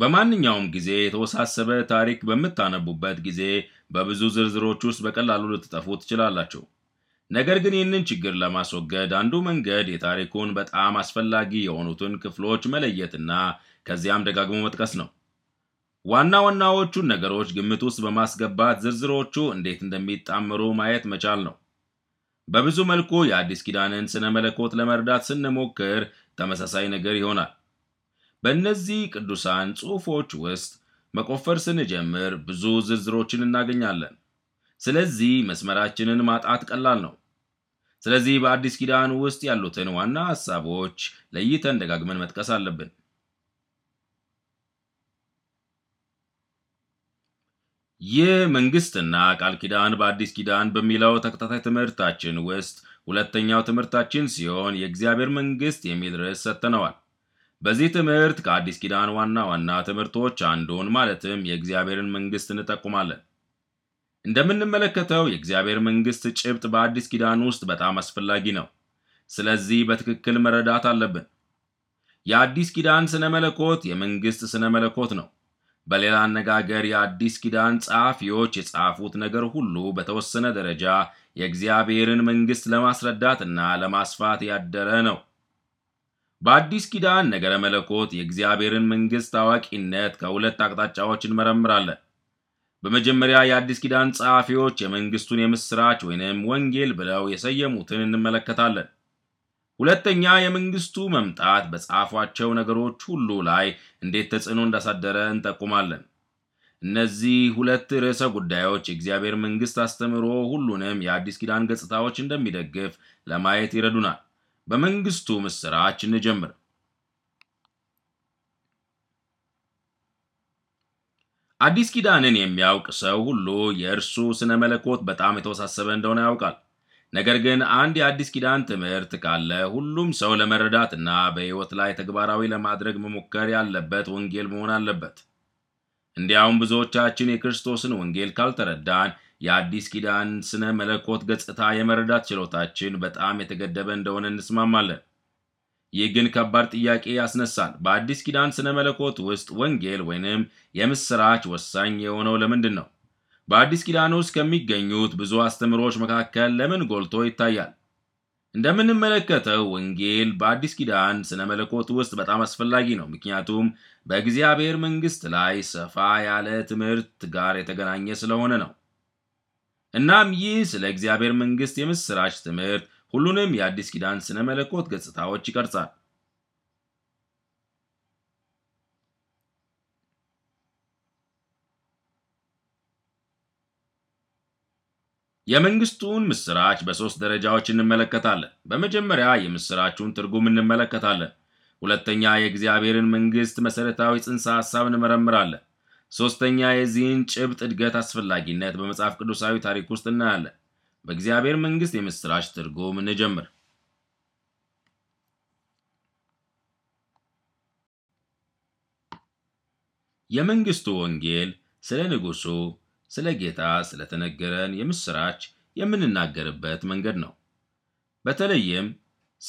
በማንኛውም ጊዜ የተወሳሰበ ታሪክ በምታነቡበት ጊዜ በብዙ ዝርዝሮች ውስጥ በቀላሉ ልትጠፉ ትችላላችሁ። ነገር ግን ይህንን ችግር ለማስወገድ አንዱ መንገድ የታሪኩን በጣም አስፈላጊ የሆኑትን ክፍሎች መለየትና ከዚያም ደጋግሞ መጥቀስ ነው። ዋና ዋናዎቹን ነገሮች ግምት ውስጥ በማስገባት ዝርዝሮቹ እንዴት እንደሚጣምሩ ማየት መቻል ነው። በብዙ መልኩ የአዲስ ኪዳንን ስነ መለኮት ለመርዳት ስንሞክር ተመሳሳይ ነገር ይሆናል። በእነዚህ ቅዱሳን ጽሑፎች ውስጥ መቆፈር ስንጀምር ብዙ ዝርዝሮችን እናገኛለን። ስለዚህ መስመራችንን ማጣት ቀላል ነው። ስለዚህ በአዲስ ኪዳን ውስጥ ያሉትን ዋና ሐሳቦች ለይተን ደጋግመን መጥቀስ አለብን። ይህ መንግሥትና ቃል ኪዳን በአዲስ ኪዳን በሚለው ተከታታይ ትምህርታችን ውስጥ ሁለተኛው ትምህርታችን ሲሆን የእግዚአብሔር መንግሥት የሚል ርዕስ ሰጥተነዋል። በዚህ ትምህርት ከአዲስ ኪዳን ዋና ዋና ትምህርቶች አንዱን ማለትም የእግዚአብሔርን መንግሥት እንጠቁማለን። እንደምንመለከተው የእግዚአብሔር መንግሥት ጭብጥ በአዲስ ኪዳን ውስጥ በጣም አስፈላጊ ነው። ስለዚህ በትክክል መረዳት አለብን። የአዲስ ኪዳን ስነ መለኮት የመንግሥት ስነ መለኮት ነው። በሌላ አነጋገር የአዲስ ኪዳን ጸሐፊዎች የጻፉት ነገር ሁሉ በተወሰነ ደረጃ የእግዚአብሔርን መንግሥት ለማስረዳት እና ለማስፋት ያደረ ነው። በአዲስ ኪዳን ነገረ መለኮት የእግዚአብሔርን መንግሥት ታዋቂነት ከሁለት አቅጣጫዎች እንመረምራለን። በመጀመሪያ የአዲስ ኪዳን ጸሐፊዎች የመንግሥቱን የምሥራች ወይንም ወንጌል ብለው የሰየሙትን እንመለከታለን። ሁለተኛ የመንግሥቱ መምጣት በጻፏቸው ነገሮች ሁሉ ላይ እንዴት ተጽዕኖ እንዳሳደረ እንጠቁማለን። እነዚህ ሁለት ርዕሰ ጉዳዮች የእግዚአብሔር መንግሥት አስተምህሮ ሁሉንም የአዲስ ኪዳን ገጽታዎች እንደሚደግፍ ለማየት ይረዱናል። በመንግስቱ ምስራች እንጀምር። አዲስ ኪዳንን የሚያውቅ ሰው ሁሉ የእርሱ ስነ መለኮት በጣም የተወሳሰበ እንደሆነ ያውቃል። ነገር ግን አንድ የአዲስ ኪዳን ትምህርት ካለ ሁሉም ሰው ለመረዳትና በሕይወት ላይ ተግባራዊ ለማድረግ መሞከር ያለበት ወንጌል መሆን አለበት። እንዲያውም ብዙዎቻችን የክርስቶስን ወንጌል ካልተረዳን የአዲስ ኪዳን ስነ መለኮት ገጽታ የመረዳት ችሎታችን በጣም የተገደበ እንደሆነ እንስማማለን። ይህ ግን ከባድ ጥያቄ ያስነሳል። በአዲስ ኪዳን ስነ መለኮት ውስጥ ወንጌል ወይንም የምስራች ወሳኝ የሆነው ለምንድን ነው? በአዲስ ኪዳን ውስጥ ከሚገኙት ብዙ አስተምሮች መካከል ለምን ጎልቶ ይታያል? እንደምንመለከተው ወንጌል በአዲስ ኪዳን ስነ መለኮት ውስጥ በጣም አስፈላጊ ነው፣ ምክንያቱም በእግዚአብሔር መንግሥት ላይ ሰፋ ያለ ትምህርት ጋር የተገናኘ ስለሆነ ነው። እናም ይህ ስለ እግዚአብሔር መንግሥት የምሥራች ትምህርት ሁሉንም የአዲስ ኪዳን ስነ መለኮት ገጽታዎች ይቀርጻል። የመንግሥቱን ምስራች በሦስት ደረጃዎች እንመለከታለን። በመጀመሪያ የምስራቹን ትርጉም እንመለከታለን። ሁለተኛ የእግዚአብሔርን መንግሥት መሠረታዊ ጽንሰ ሐሳብ እንመረምራለን። ሦስተኛ የዚህን ጭብጥ እድገት አስፈላጊነት በመጽሐፍ ቅዱሳዊ ታሪክ ውስጥ እናያለን። በእግዚአብሔር መንግሥት የምሥራች ትርጉም እንጀምር። የመንግሥቱ ወንጌል ስለ ንጉሡ፣ ስለ ጌታ ስለተነገረን የምሥራች የምንናገርበት መንገድ ነው። በተለይም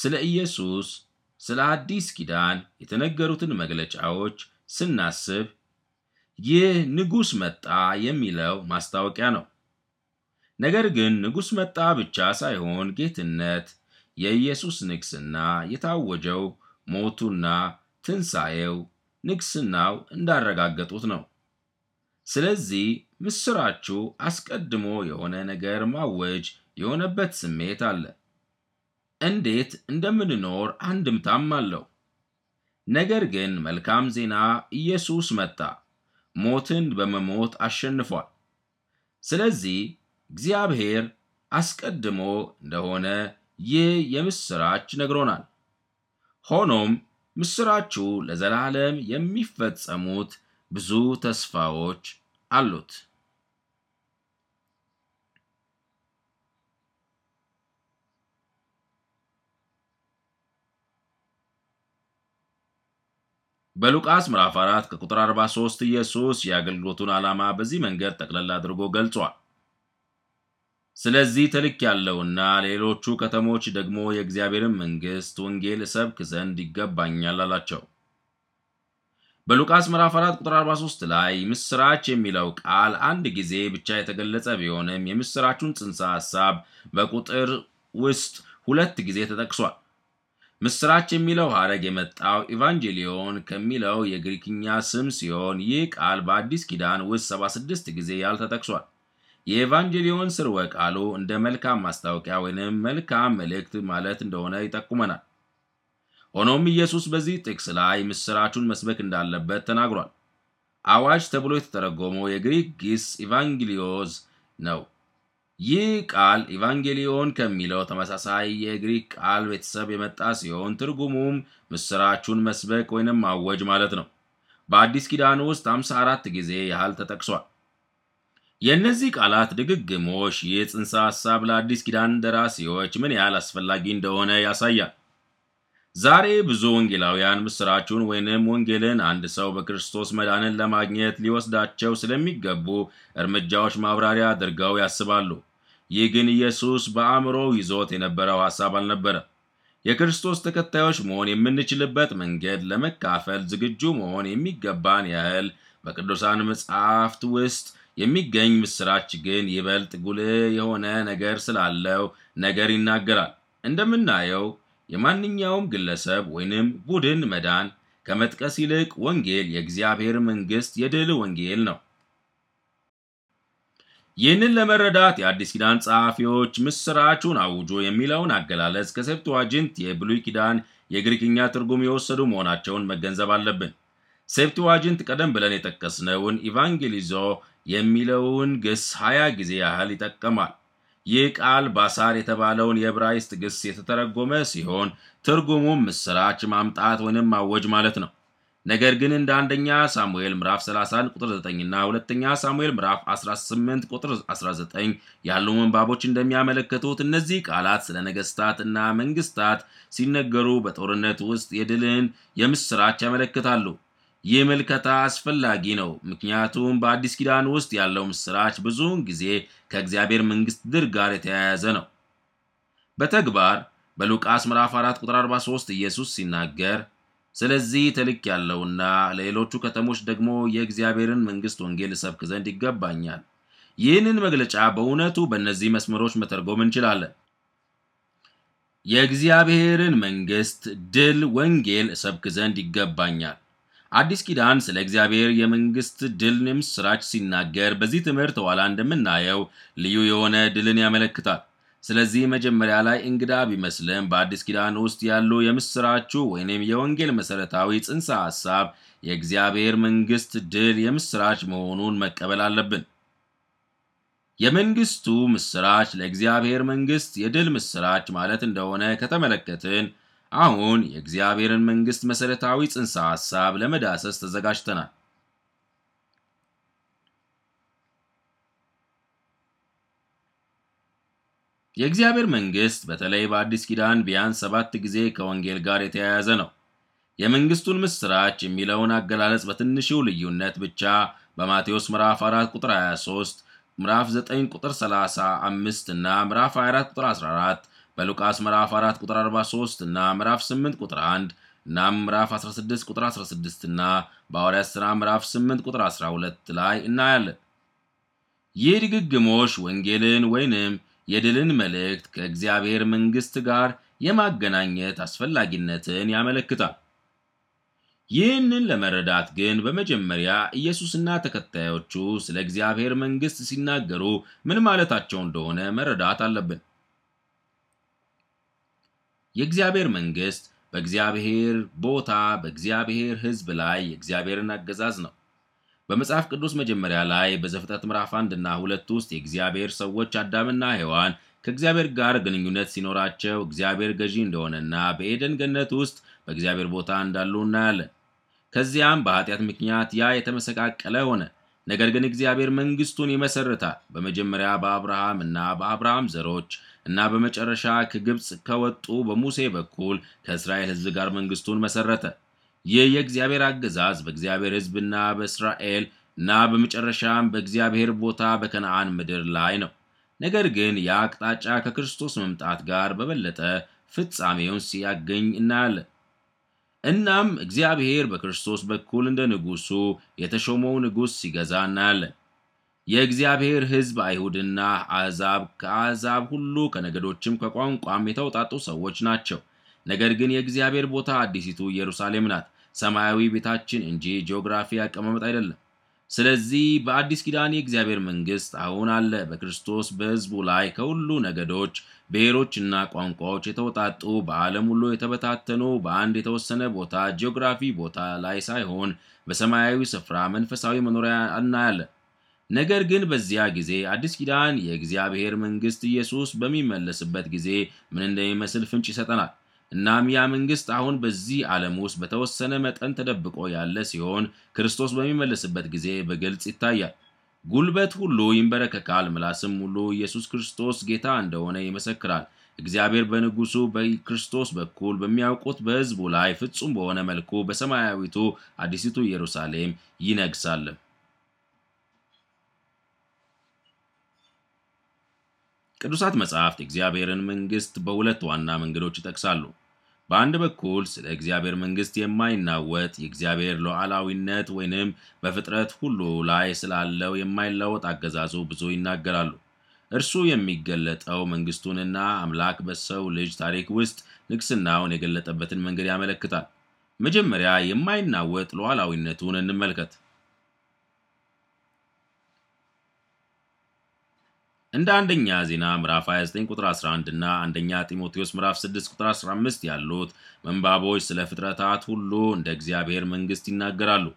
ስለ ኢየሱስ፣ ስለ አዲስ ኪዳን የተነገሩትን መግለጫዎች ስናስብ ይህ ንጉሥ መጣ የሚለው ማስታወቂያ ነው። ነገር ግን ንጉሥ መጣ ብቻ ሳይሆን ጌትነት፣ የኢየሱስ ንግሥና የታወጀው ሞቱና ትንሣኤው ንግሥናው እንዳረጋገጡት ነው። ስለዚህ ምስራችሁ አስቀድሞ የሆነ ነገር ማወጅ የሆነበት ስሜት አለ። እንዴት እንደምንኖር አንድምታም አለው። ነገር ግን መልካም ዜና ኢየሱስ መጣ ሞትን በመሞት አሸንፏል። ስለዚህ እግዚአብሔር አስቀድሞ እንደሆነ ይህ የምሥራች ነግሮናል። ሆኖም ምስራቹ ለዘላለም የሚፈጸሙት ብዙ ተስፋዎች አሉት። በሉቃስ ምዕራፍ 4 ከቁጥር 43 ኢየሱስ የአገልግሎቱን ዓላማ በዚህ መንገድ ጠቅለል አድርጎ ገልጿል። ስለዚህ ተልክ ያለውና ሌሎቹ ከተሞች ደግሞ የእግዚአብሔርን መንግሥት ወንጌል እሰብክ ዘንድ ይገባኛል አላቸው። በሉቃስ ምዕራፍ 4 ቁጥር 43 ላይ ምስራች የሚለው ቃል አንድ ጊዜ ብቻ የተገለጸ ቢሆንም የምስራቹን ጽንሰ ሐሳብ በቁጥር ውስጥ ሁለት ጊዜ ተጠቅሷል። ምስራች የሚለው ሐረግ የመጣው ኢቫንጀሊዮን ከሚለው የግሪክኛ ስም ሲሆን ይህ ቃል በአዲስ ኪዳን ውስጥ 76 ጊዜ ያህል ተጠቅሷል። የኤቫንጀሊዮን ስርወ ቃሉ እንደ መልካም ማስታወቂያ ወይንም መልካም መልእክት ማለት እንደሆነ ይጠቁመናል። ሆኖም ኢየሱስ በዚህ ጥቅስ ላይ ምስራቹን መስበክ እንዳለበት ተናግሯል። አዋጅ ተብሎ የተተረጎመው የግሪክ ጊስ ኢቫንግሊዮዝ ነው። ይህ ቃል ኢቫንጌሊዮን ከሚለው ተመሳሳይ የግሪክ ቃል ቤተሰብ የመጣ ሲሆን ትርጉሙም ምስራቹን መስበክ ወይንም ማወጅ ማለት ነው። በአዲስ ኪዳን ውስጥ 54 ጊዜ ያህል ተጠቅሷል። የእነዚህ ቃላት ድግግሞሽ ይህ ጽንሰ ሐሳብ ለአዲስ ኪዳን ደራሲዎች ምን ያህል አስፈላጊ እንደሆነ ያሳያል። ዛሬ ብዙ ወንጌላውያን ምስራቹን ወይንም ወንጌልን አንድ ሰው በክርስቶስ መዳንን ለማግኘት ሊወስዳቸው ስለሚገቡ እርምጃዎች ማብራሪያ አድርገው ያስባሉ። ይህ ግን ኢየሱስ በአእምሮ ይዞት የነበረው ሐሳብ አልነበረ። የክርስቶስ ተከታዮች መሆን የምንችልበት መንገድ ለመካፈል ዝግጁ መሆን የሚገባን ያህል በቅዱሳን መጽሐፍት ውስጥ የሚገኝ ምስራች ግን ይበልጥ ጉልህ የሆነ ነገር ስላለው ነገር ይናገራል። እንደምናየው የማንኛውም ግለሰብ ወይንም ቡድን መዳን ከመጥቀስ ይልቅ ወንጌል የእግዚአብሔር መንግሥት የድል ወንጌል ነው። ይህንን ለመረዳት የአዲስ ኪዳን ጸሐፊዎች ምስራቹን አውጆ የሚለውን አገላለጽ አጅንት የብሉይ ኪዳን የግሪክኛ ትርጉም የወሰዱ መሆናቸውን መገንዘብ አለብን። ሴፕቱዋጅንት ቀደም ብለን የጠቀስነውን ኢቫንጌሊዞ የሚለውን ግስ ሀያ ጊዜ ያህል ይጠቀማል። ይህ ቃል ባሳር የተባለውን የዕብራይስጥ ግስ የተተረጎመ ሲሆን ትርጉሙም ምስራች ማምጣት ወይንም ማወጅ ማለት ነው። ነገር ግን እንደ አንደኛ ሳሙኤል ምዕራፍ 31 ቁጥር 9 እና ሁለተኛ ሳሙኤል ምዕራፍ 18 ቁጥር 19 ያሉ ምንባቦች እንደሚያመለክቱት እነዚህ ቃላት ስለ ነገስታት እና መንግስታት ሲነገሩ በጦርነት ውስጥ የድልን የምስራች ያመለክታሉ። ይህ ምልከታ አስፈላጊ ነው፣ ምክንያቱም በአዲስ ኪዳን ውስጥ ያለው ምስራች ብዙውን ጊዜ ከእግዚአብሔር መንግስት ድር ጋር የተያያዘ ነው። በተግባር በሉቃስ ምዕራፍ 4 ቁጥር 43 ኢየሱስ ሲናገር ስለዚህ ተልክ ያለውና ለሌሎቹ ከተሞች ደግሞ የእግዚአብሔርን መንግሥት ወንጌል እሰብክ ዘንድ ይገባኛል። ይህንን መግለጫ በእውነቱ በእነዚህ መስመሮች መተርጎም እንችላለን። የእግዚአብሔርን መንግሥት ድል ወንጌል እሰብክ ዘንድ ይገባኛል። አዲስ ኪዳን ስለ እግዚአብሔር የመንግሥት ድል ምስራች ሲናገር በዚህ ትምህርት ኋላ እንደምናየው ልዩ የሆነ ድልን ያመለክታል። ስለዚህ መጀመሪያ ላይ እንግዳ ቢመስልም በአዲስ ኪዳን ውስጥ ያሉ የምስራቹ ወይንም የወንጌል መሠረታዊ ጽንሰ ሐሳብ የእግዚአብሔር መንግሥት ድል የምስራች መሆኑን መቀበል አለብን። የመንግሥቱ ምስራች ለእግዚአብሔር መንግሥት የድል ምስራች ማለት እንደሆነ ከተመለከትን አሁን የእግዚአብሔርን መንግሥት መሠረታዊ ጽንሰ ሐሳብ ለመዳሰስ ተዘጋጅተናል። የእግዚአብሔር መንግሥት በተለይ በአዲስ ኪዳን ቢያንስ ሰባት ጊዜ ከወንጌል ጋር የተያያዘ ነው። የመንግሥቱን ምሥራች የሚለውን አገላለጽ በትንሹ ልዩነት ብቻ በማቴዎስ ምዕራፍ 4 ቁጥር 23፣ ምዕራፍ 9 ቁጥር 35 እና ምዕራፍ 24 ቁጥር 14፣ በሉቃስ ምዕራፍ 4 ቁጥር 43 እና ምዕራፍ 8 ቁጥር 1 እናም ምዕራፍ 16 ቁጥር 16 እና በሐዋርያት ሥራ ምዕራፍ 8 ቁጥር 12 ላይ እናያለን። ይህ ድግግሞሽ ወንጌልን ወይንም የድልን መልእክት ከእግዚአብሔር መንግሥት ጋር የማገናኘት አስፈላጊነትን ያመለክታል። ይህንን ለመረዳት ግን በመጀመሪያ ኢየሱስና ተከታዮቹ ስለ እግዚአብሔር መንግሥት ሲናገሩ ምን ማለታቸው እንደሆነ መረዳት አለብን። የእግዚአብሔር መንግሥት በእግዚአብሔር ቦታ በእግዚአብሔር ሕዝብ ላይ የእግዚአብሔርን አገዛዝ ነው። በመጽሐፍ ቅዱስ መጀመሪያ ላይ በዘፍጥረት ምዕራፍ አንድና ሁለት ውስጥ የእግዚአብሔር ሰዎች አዳምና ሔዋን ከእግዚአብሔር ጋር ግንኙነት ሲኖራቸው እግዚአብሔር ገዢ እንደሆነና በኤደን ገነት ውስጥ በእግዚአብሔር ቦታ እንዳሉ እናያለን። ከዚያም በኃጢአት ምክንያት ያ የተመሰቃቀለ ሆነ። ነገር ግን እግዚአብሔር መንግስቱን ይመሰርታል። በመጀመሪያ በአብርሃም እና በአብርሃም ዘሮች እና በመጨረሻ ከግብፅ ከወጡ በሙሴ በኩል ከእስራኤል ሕዝብ ጋር መንግስቱን መሰረተ። ይህ የእግዚአብሔር አገዛዝ በእግዚአብሔር ሕዝብና በእስራኤል እና በመጨረሻም በእግዚአብሔር ቦታ በከነአን ምድር ላይ ነው። ነገር ግን የአቅጣጫ አቅጣጫ ከክርስቶስ መምጣት ጋር በበለጠ ፍጻሜውን ሲያገኝ እናያለን። እናም እግዚአብሔር በክርስቶስ በኩል እንደ ንጉሡ የተሾመው ንጉሥ ሲገዛ እናያለን። የእግዚአብሔር ሕዝብ አይሁድና አሕዛብ ከአሕዛብ ሁሉ ከነገዶችም ከቋንቋም የተውጣጡ ሰዎች ናቸው። ነገር ግን የእግዚአብሔር ቦታ አዲሲቱ ኢየሩሳሌም ናት። ሰማያዊ ቤታችን እንጂ ጂኦግራፊ አቀማመጥ አይደለም። ስለዚህ በአዲስ ኪዳን የእግዚአብሔር መንግሥት አሁን አለ። በክርስቶስ በሕዝቡ ላይ ከሁሉ ነገዶች፣ ብሔሮችና ቋንቋዎች የተውጣጡ በዓለም ሁሉ የተበታተኑ በአንድ የተወሰነ ቦታ ጂኦግራፊ ቦታ ላይ ሳይሆን በሰማያዊ ስፍራ መንፈሳዊ መኖሪያ እናያለን። ነገር ግን በዚያ ጊዜ አዲስ ኪዳን የእግዚአብሔር መንግሥት ኢየሱስ በሚመለስበት ጊዜ ምን እንደሚመስል ፍንጭ ይሰጠናል። እናም ያ መንግሥት አሁን በዚህ ዓለም ውስጥ በተወሰነ መጠን ተደብቆ ያለ ሲሆን ክርስቶስ በሚመለስበት ጊዜ በግልጽ ይታያል። ጉልበት ሁሉ ይንበረከካል፣ ምላስም ሁሉ ኢየሱስ ክርስቶስ ጌታ እንደሆነ ይመሰክራል። እግዚአብሔር በንጉሡ በክርስቶስ በኩል በሚያውቁት በሕዝቡ ላይ ፍጹም በሆነ መልኩ በሰማያዊቱ አዲሲቱ ኢየሩሳሌም ይነግሳል። ቅዱሳት መጽሐፍት የእግዚአብሔርን መንግሥት በሁለት ዋና መንገዶች ይጠቅሳሉ። በአንድ በኩል ስለ እግዚአብሔር መንግሥት የማይናወጥ የእግዚአብሔር ሉዓላዊነት ወይንም በፍጥረት ሁሉ ላይ ስላለው የማይለወጥ አገዛዙ ብዙ ይናገራሉ። እርሱ የሚገለጠው መንግሥቱንና አምላክ በሰው ልጅ ታሪክ ውስጥ ንግሥናውን የገለጠበትን መንገድ ያመለክታል። መጀመሪያ የማይናወጥ ሉዓላዊነቱን እንመልከት። እንደ አንደኛ ዜና ምዕራፍ 29 ቁጥር 11 እና አንደኛ ጢሞቴዎስ ምዕራፍ 6 ቁጥር 15 ያሉት ምንባቦች ስለ ፍጥረታት ሁሉ እንደ እግዚአብሔር መንግሥት ይናገራሉ።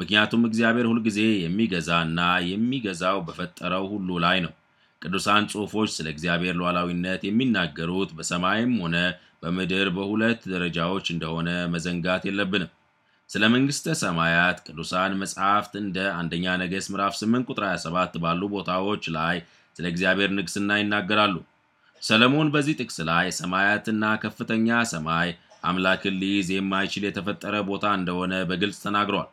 ምክንያቱም እግዚአብሔር ሁልጊዜ የሚገዛና የሚገዛው በፈጠረው ሁሉ ላይ ነው። ቅዱሳን ጽሑፎች ስለ እግዚአብሔር ሉዓላዊነት የሚናገሩት በሰማይም ሆነ በምድር በሁለት ደረጃዎች እንደሆነ መዘንጋት የለብንም። ስለ መንግሥተ ሰማያት ቅዱሳን መጻሕፍት እንደ አንደኛ ነገሥት ምዕራፍ 8 ቁጥር 27 ባሉ ቦታዎች ላይ ስለ እግዚአብሔር ንግሥና ይናገራሉ። ሰለሞን በዚህ ጥቅስ ላይ ሰማያትና ከፍተኛ ሰማይ አምላክን ሊይዝ የማይችል የተፈጠረ ቦታ እንደሆነ በግልጽ ተናግሯል።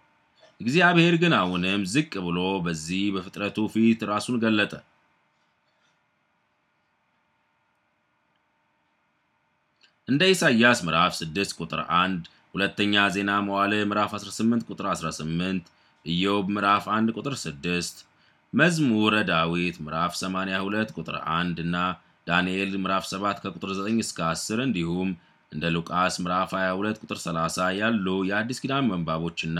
እግዚአብሔር ግን አሁንም ዝቅ ብሎ በዚህ በፍጥረቱ ፊት ራሱን ገለጠ። እንደ ኢሳይያስ ምዕራፍ 6 ቁጥር 1፣ ሁለተኛ ዜና መዋዕል ምዕራፍ 18 ቁጥር 18፣ ኢዮብ ምዕራፍ 1 ቁጥር 6 መዝሙረ ዳዊት ምዕራፍ 82 ቁጥር 1 እና ዳንኤል ምዕራፍ 7 ከቁጥር 9 እስከ 10 እንዲሁም እንደ ሉቃስ ምዕራፍ 22 ቁጥር 30 ያሉ የአዲስ ኪዳን መንባቦችና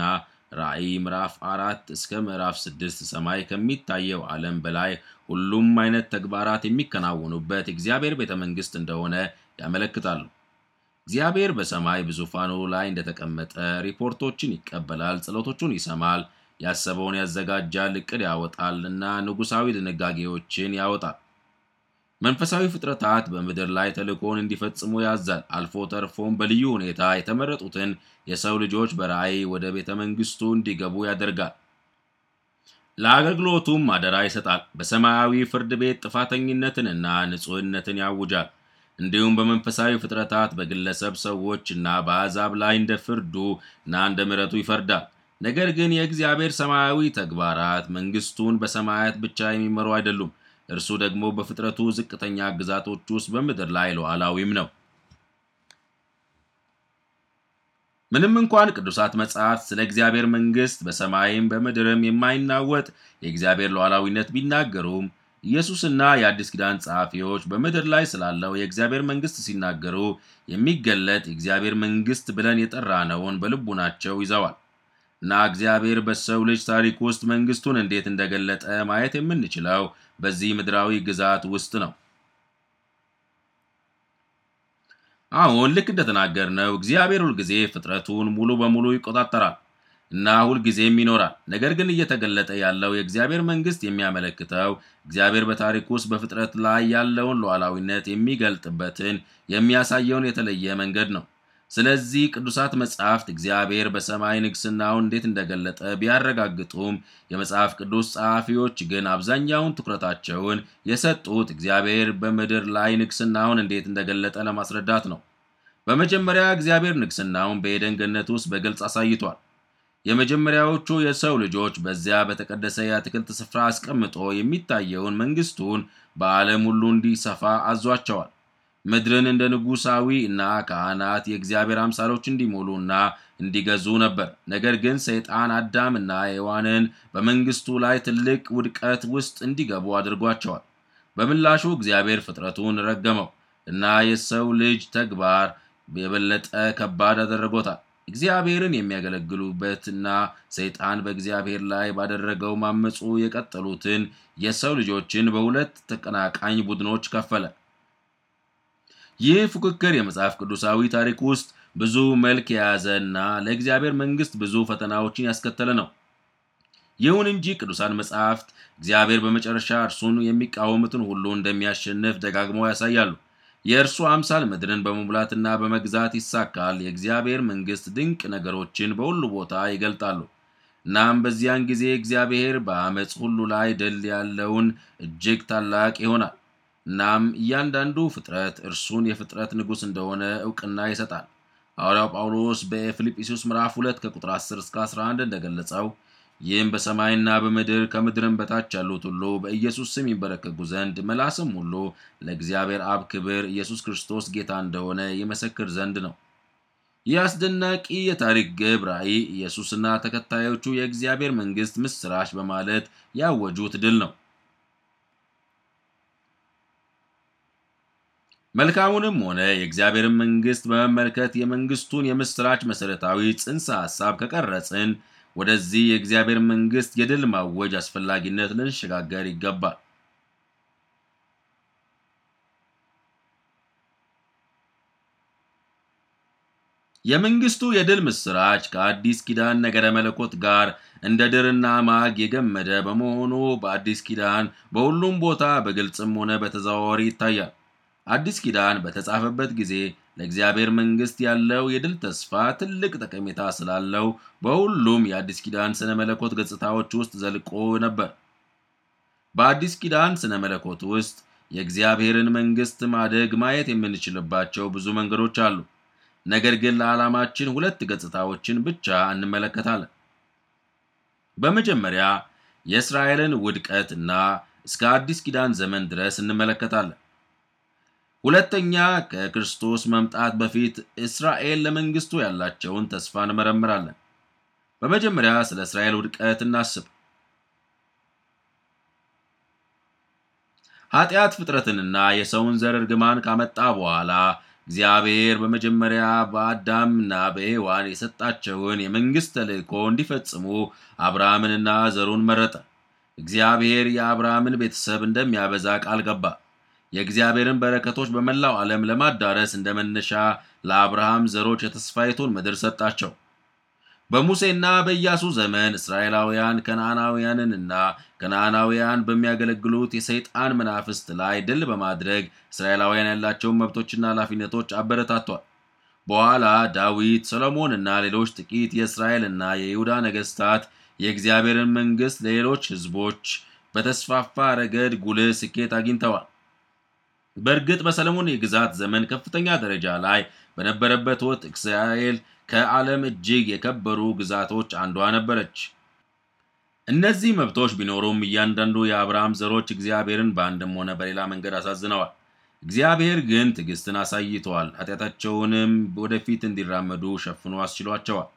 ራእይ ምዕራፍ 4 እስከ ምዕራፍ 6 ሰማይ ከሚታየው ዓለም በላይ ሁሉም አይነት ተግባራት የሚከናወኑበት እግዚአብሔር ቤተ መንግሥት እንደሆነ ያመለክታሉ። እግዚአብሔር በሰማይ በዙፋኑ ላይ እንደተቀመጠ ሪፖርቶችን ይቀበላል፣ ጸሎቶቹን ይሰማል፣ ያሰበውን ያዘጋጃል፣ እቅድ ያወጣል እና ንጉሳዊ ድንጋጌዎችን ያወጣል። መንፈሳዊ ፍጥረታት በምድር ላይ ተልእኮን እንዲፈጽሙ ያዛል። አልፎ ተርፎም በልዩ ሁኔታ የተመረጡትን የሰው ልጆች በራእይ ወደ ቤተ መንግስቱ እንዲገቡ ያደርጋል። ለአገልግሎቱም አደራ ይሰጣል። በሰማያዊ ፍርድ ቤት ጥፋተኝነትንና ንጹህነትን ያውጃል። እንዲሁም በመንፈሳዊ ፍጥረታት፣ በግለሰብ ሰዎች እና በአሕዛብ ላይ እንደ ፍርዱ እና እንደ ምሕረቱ ይፈርዳል። ነገር ግን የእግዚአብሔር ሰማያዊ ተግባራት መንግስቱን በሰማያት ብቻ የሚመሩ አይደሉም። እርሱ ደግሞ በፍጥረቱ ዝቅተኛ ግዛቶች ውስጥ በምድር ላይ ሉዓላዊም ነው። ምንም እንኳን ቅዱሳት መጽሐፍት ስለ እግዚአብሔር መንግስት በሰማይም በምድርም የማይናወጥ የእግዚአብሔር ሉዓላዊነት ቢናገሩም ኢየሱስና የአዲስ ኪዳን ጸሐፊዎች በምድር ላይ ስላለው የእግዚአብሔር መንግስት ሲናገሩ የሚገለጥ የእግዚአብሔር መንግስት ብለን የጠራነውን በልቡናቸው ይዘዋል። እና እግዚአብሔር በሰው ልጅ ታሪክ ውስጥ መንግስቱን እንዴት እንደገለጠ ማየት የምንችለው በዚህ ምድራዊ ግዛት ውስጥ ነው። አሁን ልክ እንደተናገርነው እግዚአብሔር ሁልጊዜ ፍጥረቱን ሙሉ በሙሉ ይቆጣጠራል እና ሁልጊዜም ይኖራል። ነገር ግን እየተገለጠ ያለው የእግዚአብሔር መንግስት የሚያመለክተው እግዚአብሔር በታሪክ ውስጥ በፍጥረት ላይ ያለውን ሉዓላዊነት የሚገልጥበትን የሚያሳየውን የተለየ መንገድ ነው። ስለዚህ ቅዱሳት መጽሐፍት እግዚአብሔር በሰማይ ንግስናውን እንዴት እንደገለጠ ቢያረጋግጡም የመጽሐፍ ቅዱስ ጸሐፊዎች ግን አብዛኛውን ትኩረታቸውን የሰጡት እግዚአብሔር በምድር ላይ ንግስናውን እንዴት እንደገለጠ ለማስረዳት ነው። በመጀመሪያ እግዚአብሔር ንግስናውን በኤደን ገነት ውስጥ በግልጽ አሳይቷል። የመጀመሪያዎቹ የሰው ልጆች በዚያ በተቀደሰ የአትክልት ስፍራ አስቀምጦ የሚታየውን መንግስቱን በዓለም ሁሉ እንዲሰፋ አዟቸዋል። ምድርን እንደ ንጉሳዊ እና ካህናት የእግዚአብሔር አምሳሎች እንዲሞሉና እንዲገዙ ነበር። ነገር ግን ሰይጣን አዳምና ሔዋንን በመንግስቱ ላይ ትልቅ ውድቀት ውስጥ እንዲገቡ አድርጓቸዋል። በምላሹ እግዚአብሔር ፍጥረቱን ረገመው እና የሰው ልጅ ተግባር የበለጠ ከባድ አደረጎታል። እግዚአብሔርን የሚያገለግሉበትና ሰይጣን በእግዚአብሔር ላይ ባደረገው ማመፁ የቀጠሉትን የሰው ልጆችን በሁለት ተቀናቃኝ ቡድኖች ከፈለ። ይህ ፉክክር የመጽሐፍ ቅዱሳዊ ታሪክ ውስጥ ብዙ መልክ የያዘ እና ለእግዚአብሔር መንግሥት ብዙ ፈተናዎችን ያስከተለ ነው። ይሁን እንጂ ቅዱሳን መጽሐፍት እግዚአብሔር በመጨረሻ እርሱን የሚቃወሙትን ሁሉ እንደሚያሸንፍ ደጋግመው ያሳያሉ። የእርሱ አምሳል ምድርን በመሙላትና በመግዛት ይሳካል። የእግዚአብሔር መንግሥት ድንቅ ነገሮችን በሁሉ ቦታ ይገልጣሉ። እናም በዚያን ጊዜ እግዚአብሔር በአመፅ ሁሉ ላይ ድል ያለውን እጅግ ታላቅ ይሆናል። እናም እያንዳንዱ ፍጥረት እርሱን የፍጥረት ንጉሥ እንደሆነ እውቅና ይሰጣል። ሐዋርያው ጳውሎስ በፊልጵስዩስ ምዕራፍ 2 ከቁጥር 10 እስከ 11 እንደገለጸው ይህም በሰማይና በምድር ከምድርም በታች ያሉት ሁሉ በኢየሱስ ስም ይንበረከኩ ዘንድ መላስም ሁሉ ለእግዚአብሔር አብ ክብር ኢየሱስ ክርስቶስ ጌታ እንደሆነ ይመሰክር ዘንድ ነው። ይህ አስደናቂ የታሪክ ግብ ራእይ ኢየሱስና ተከታዮቹ የእግዚአብሔር መንግሥት ምስራች በማለት ያወጁት ድል ነው። መልካሙንም ሆነ የእግዚአብሔርን መንግሥት በመመልከት የመንግሥቱን የምሥራች መሠረታዊ ጽንሰ ሐሳብ ከቀረጽን ወደዚህ የእግዚአብሔር መንግሥት የድል ማወጅ አስፈላጊነት ልንሸጋገር ይገባል። የመንግስቱ የድል ምስራች ከአዲስ ኪዳን ነገረ መለኮት ጋር እንደ ድርና ማግ የገመደ በመሆኑ በአዲስ ኪዳን በሁሉም ቦታ በግልጽም ሆነ በተዘዋዋሪ ይታያል። አዲስ ኪዳን በተጻፈበት ጊዜ ለእግዚአብሔር መንግሥት ያለው የድል ተስፋ ትልቅ ጠቀሜታ ስላለው በሁሉም የአዲስ ኪዳን ስነ መለኮት ገጽታዎች ውስጥ ዘልቆ ነበር። በአዲስ ኪዳን ስነ መለኮት ውስጥ የእግዚአብሔርን መንግሥት ማደግ ማየት የምንችልባቸው ብዙ መንገዶች አሉ። ነገር ግን ለዓላማችን ሁለት ገጽታዎችን ብቻ እንመለከታለን። በመጀመሪያ የእስራኤልን ውድቀት እና እስከ አዲስ ኪዳን ዘመን ድረስ እንመለከታለን። ሁለተኛ ከክርስቶስ መምጣት በፊት እስራኤል ለመንግስቱ ያላቸውን ተስፋ እንመረምራለን። በመጀመሪያ ስለ እስራኤል ውድቀት እናስብ። ኃጢአት ፍጥረትንና የሰውን ዘር እርግማን ካመጣ በኋላ እግዚአብሔር በመጀመሪያ በአዳምና በሔዋን የሰጣቸውን የመንግሥት ተልእኮ እንዲፈጽሙ አብርሃምንና ዘሩን መረጠ። እግዚአብሔር የአብርሃምን ቤተሰብ እንደሚያበዛ ቃል ገባ። የእግዚአብሔርን በረከቶች በመላው ዓለም ለማዳረስ እንደ መነሻ ለአብርሃም ዘሮች የተስፋይቱን ምድር ሰጣቸው። በሙሴና በኢያሱ ዘመን እስራኤላውያን ከነአናውያንንና ከነአናውያን በሚያገለግሉት የሰይጣን መናፍስት ላይ ድል በማድረግ እስራኤላውያን ያላቸውን መብቶችና ኃላፊነቶች አበረታቷል። በኋላ ዳዊት፣ ሰሎሞንና ሌሎች ጥቂት የእስራኤልና የይሁዳ ነገሥታት የእግዚአብሔርን መንግሥት ለሌሎች ሕዝቦች በተስፋፋ ረገድ ጉልህ ስኬት አግኝተዋል። በእርግጥ በሰለሞን የግዛት ዘመን ከፍተኛ ደረጃ ላይ በነበረበት ወቅት እስራኤል ከዓለም እጅግ የከበሩ ግዛቶች አንዷ ነበረች። እነዚህ መብቶች ቢኖሩም እያንዳንዱ የአብርሃም ዘሮች እግዚአብሔርን በአንድም ሆነ በሌላ መንገድ አሳዝነዋል። እግዚአብሔር ግን ትዕግስትን አሳይተዋል፣ ኃጢአታቸውንም ወደፊት እንዲራመዱ ሸፍኖ አስችሏቸዋል።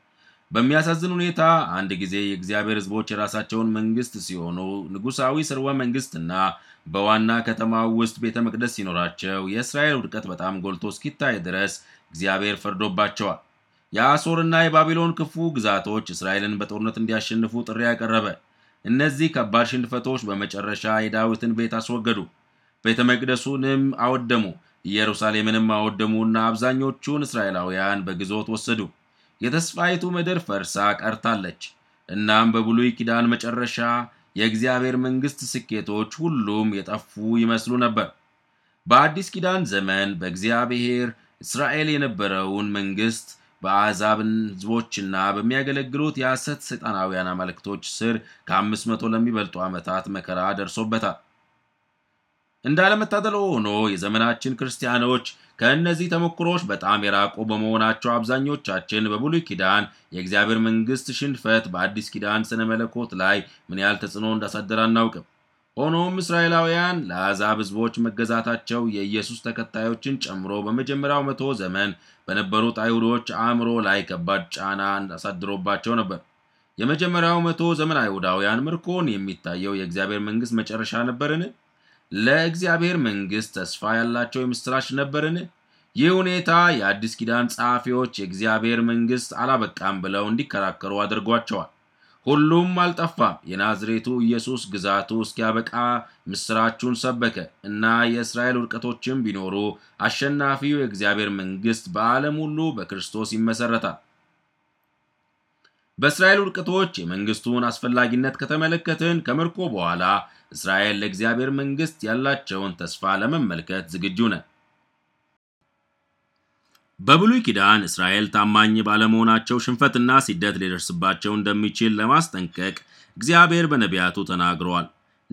በሚያሳዝን ሁኔታ አንድ ጊዜ የእግዚአብሔር ሕዝቦች የራሳቸውን መንግስት ሲሆኑ ንጉሣዊ ስርወ መንግስትና በዋና ከተማው ውስጥ ቤተ መቅደስ ሲኖራቸው የእስራኤል ውድቀት በጣም ጎልቶ እስኪታይ ድረስ እግዚአብሔር ፈርዶባቸዋል። የአሦርና የባቢሎን ክፉ ግዛቶች እስራኤልን በጦርነት እንዲያሸንፉ ጥሪ ያቀረበ። እነዚህ ከባድ ሽንፈቶች በመጨረሻ የዳዊትን ቤት አስወገዱ፣ ቤተ መቅደሱንም አወደሙ፣ ኢየሩሳሌምንም አወደሙና አብዛኞቹን እስራኤላውያን በግዞት ወሰዱ። የተስፋይቱ ምድር ፈርሳ ቀርታለች። እናም በብሉይ ኪዳን መጨረሻ የእግዚአብሔር መንግሥት ስኬቶች ሁሉም የጠፉ ይመስሉ ነበር። በአዲስ ኪዳን ዘመን በእግዚአብሔር እስራኤል የነበረውን መንግሥት በአዛብ ሕዝቦችና በሚያገለግሉት የሐሰት ሰይጣናውያን አማልክቶች ስር ከአምስት መቶ ለሚበልጡ ዓመታት መከራ ደርሶበታል። እንዳለመታደል ሆኖ የዘመናችን ክርስቲያኖች ከእነዚህ ተሞክሮዎች በጣም የራቁ በመሆናቸው አብዛኞቻችን በብሉይ ኪዳን የእግዚአብሔር መንግሥት ሽንፈት በአዲስ ኪዳን ስነ መለኮት ላይ ምን ያህል ተጽዕኖ እንዳሳደር አናውቅም። ሆኖም እስራኤላውያን ለአሕዛብ ሕዝቦች መገዛታቸው የኢየሱስ ተከታዮችን ጨምሮ በመጀመሪያው መቶ ዘመን በነበሩት አይሁዶች አእምሮ ላይ ከባድ ጫና እንዳሳድሮባቸው ነበር። የመጀመሪያው መቶ ዘመን አይሁዳውያን ምርኮን የሚታየው የእግዚአብሔር መንግሥት መጨረሻ ነበርን? ለእግዚአብሔር መንግሥት ተስፋ ያላቸው የምሥራች ነበርን? ይህ ሁኔታ የአዲስ ኪዳን ጸሐፊዎች የእግዚአብሔር መንግሥት አላበቃም ብለው እንዲከራከሩ አድርጓቸዋል። ሁሉም አልጠፋም። የናዝሬቱ ኢየሱስ ግዛቱ እስኪያበቃ ምስራቹን ሰበከ እና የእስራኤል ውድቀቶችም ቢኖሩ አሸናፊው የእግዚአብሔር መንግሥት በዓለም ሁሉ በክርስቶስ ይመሠረታል። በእስራኤል ውድቀቶች የመንግስቱን አስፈላጊነት ከተመለከትን ከምርኮ በኋላ እስራኤል ለእግዚአብሔር መንግስት ያላቸውን ተስፋ ለመመልከት ዝግጁ ነን። በብሉይ ኪዳን እስራኤል ታማኝ ባለመሆናቸው ሽንፈትና ስደት ሊደርስባቸው እንደሚችል ለማስጠንቀቅ እግዚአብሔር በነቢያቱ ተናግሯል።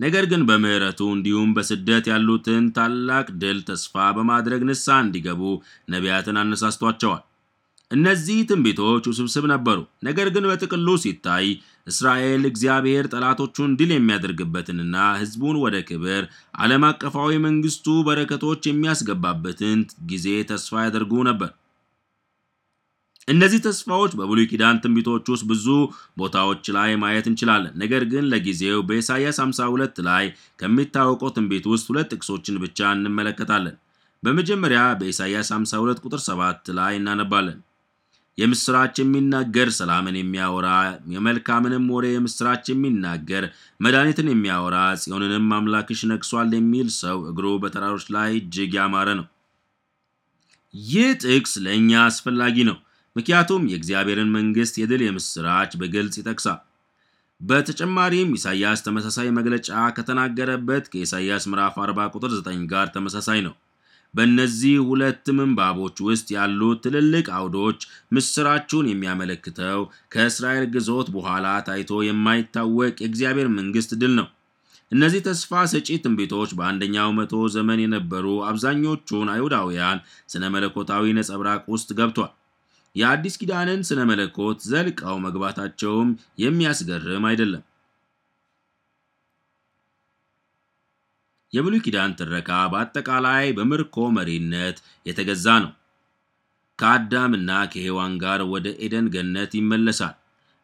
ነገር ግን በምሕረቱ እንዲሁም በስደት ያሉትን ታላቅ ድል ተስፋ በማድረግ ንስሐ እንዲገቡ ነቢያትን አነሳስቷቸዋል። እነዚህ ትንቢቶች ውስብስብ ነበሩ፣ ነገር ግን በጥቅሉ ሲታይ እስራኤል እግዚአብሔር ጠላቶቹን ድል የሚያደርግበትንና ሕዝቡን ወደ ክብር ዓለም አቀፋዊ መንግስቱ በረከቶች የሚያስገባበትን ጊዜ ተስፋ ያደርጉ ነበር። እነዚህ ተስፋዎች በብሉይ ኪዳን ትንቢቶች ውስጥ ብዙ ቦታዎች ላይ ማየት እንችላለን። ነገር ግን ለጊዜው በኢሳይያስ 52 ላይ ከሚታወቀው ትንቢት ውስጥ ሁለት ጥቅሶችን ብቻ እንመለከታለን። በመጀመሪያ በኢሳይያስ 52 ቁጥር 7 ላይ እናነባለን። የምስራች የሚናገር ሰላምን የሚያወራ የመልካምንም ወሬ የምስራች የሚናገር መድኃኒትን የሚያወራ ጽዮንንም አምላክሽ ነግሷል የሚል ሰው እግሩ በተራሮች ላይ እጅግ ያማረ ነው። ይህ ጥቅስ ለእኛ አስፈላጊ ነው፣ ምክንያቱም የእግዚአብሔርን መንግሥት የድል የምስራች በግልጽ ይጠቅሳል። በተጨማሪም ኢሳይያስ ተመሳሳይ መግለጫ ከተናገረበት ከኢሳይያስ ምዕራፍ 40 ቁጥር 9 ጋር ተመሳሳይ ነው። በእነዚህ ሁለት ምንባቦች ውስጥ ያሉት ትልልቅ አውዶች ምስራችሁን የሚያመለክተው ከእስራኤል ግዞት በኋላ ታይቶ የማይታወቅ የእግዚአብሔር መንግሥት ድል ነው። እነዚህ ተስፋ ሰጪ ትንቢቶች በአንደኛው መቶ ዘመን የነበሩ አብዛኞቹን አይሁዳውያን ስነ መለኮታዊ ነጸብራቅ ውስጥ ገብቷል። የአዲስ ኪዳንን ስነ መለኮት ዘልቀው መግባታቸውም የሚያስገርም አይደለም። የብሉይ ኪዳን ትረካ በአጠቃላይ በምርኮ መሪነት የተገዛ ነው። ከአዳምና ከሔዋን ጋር ወደ ኤደን ገነት ይመለሳል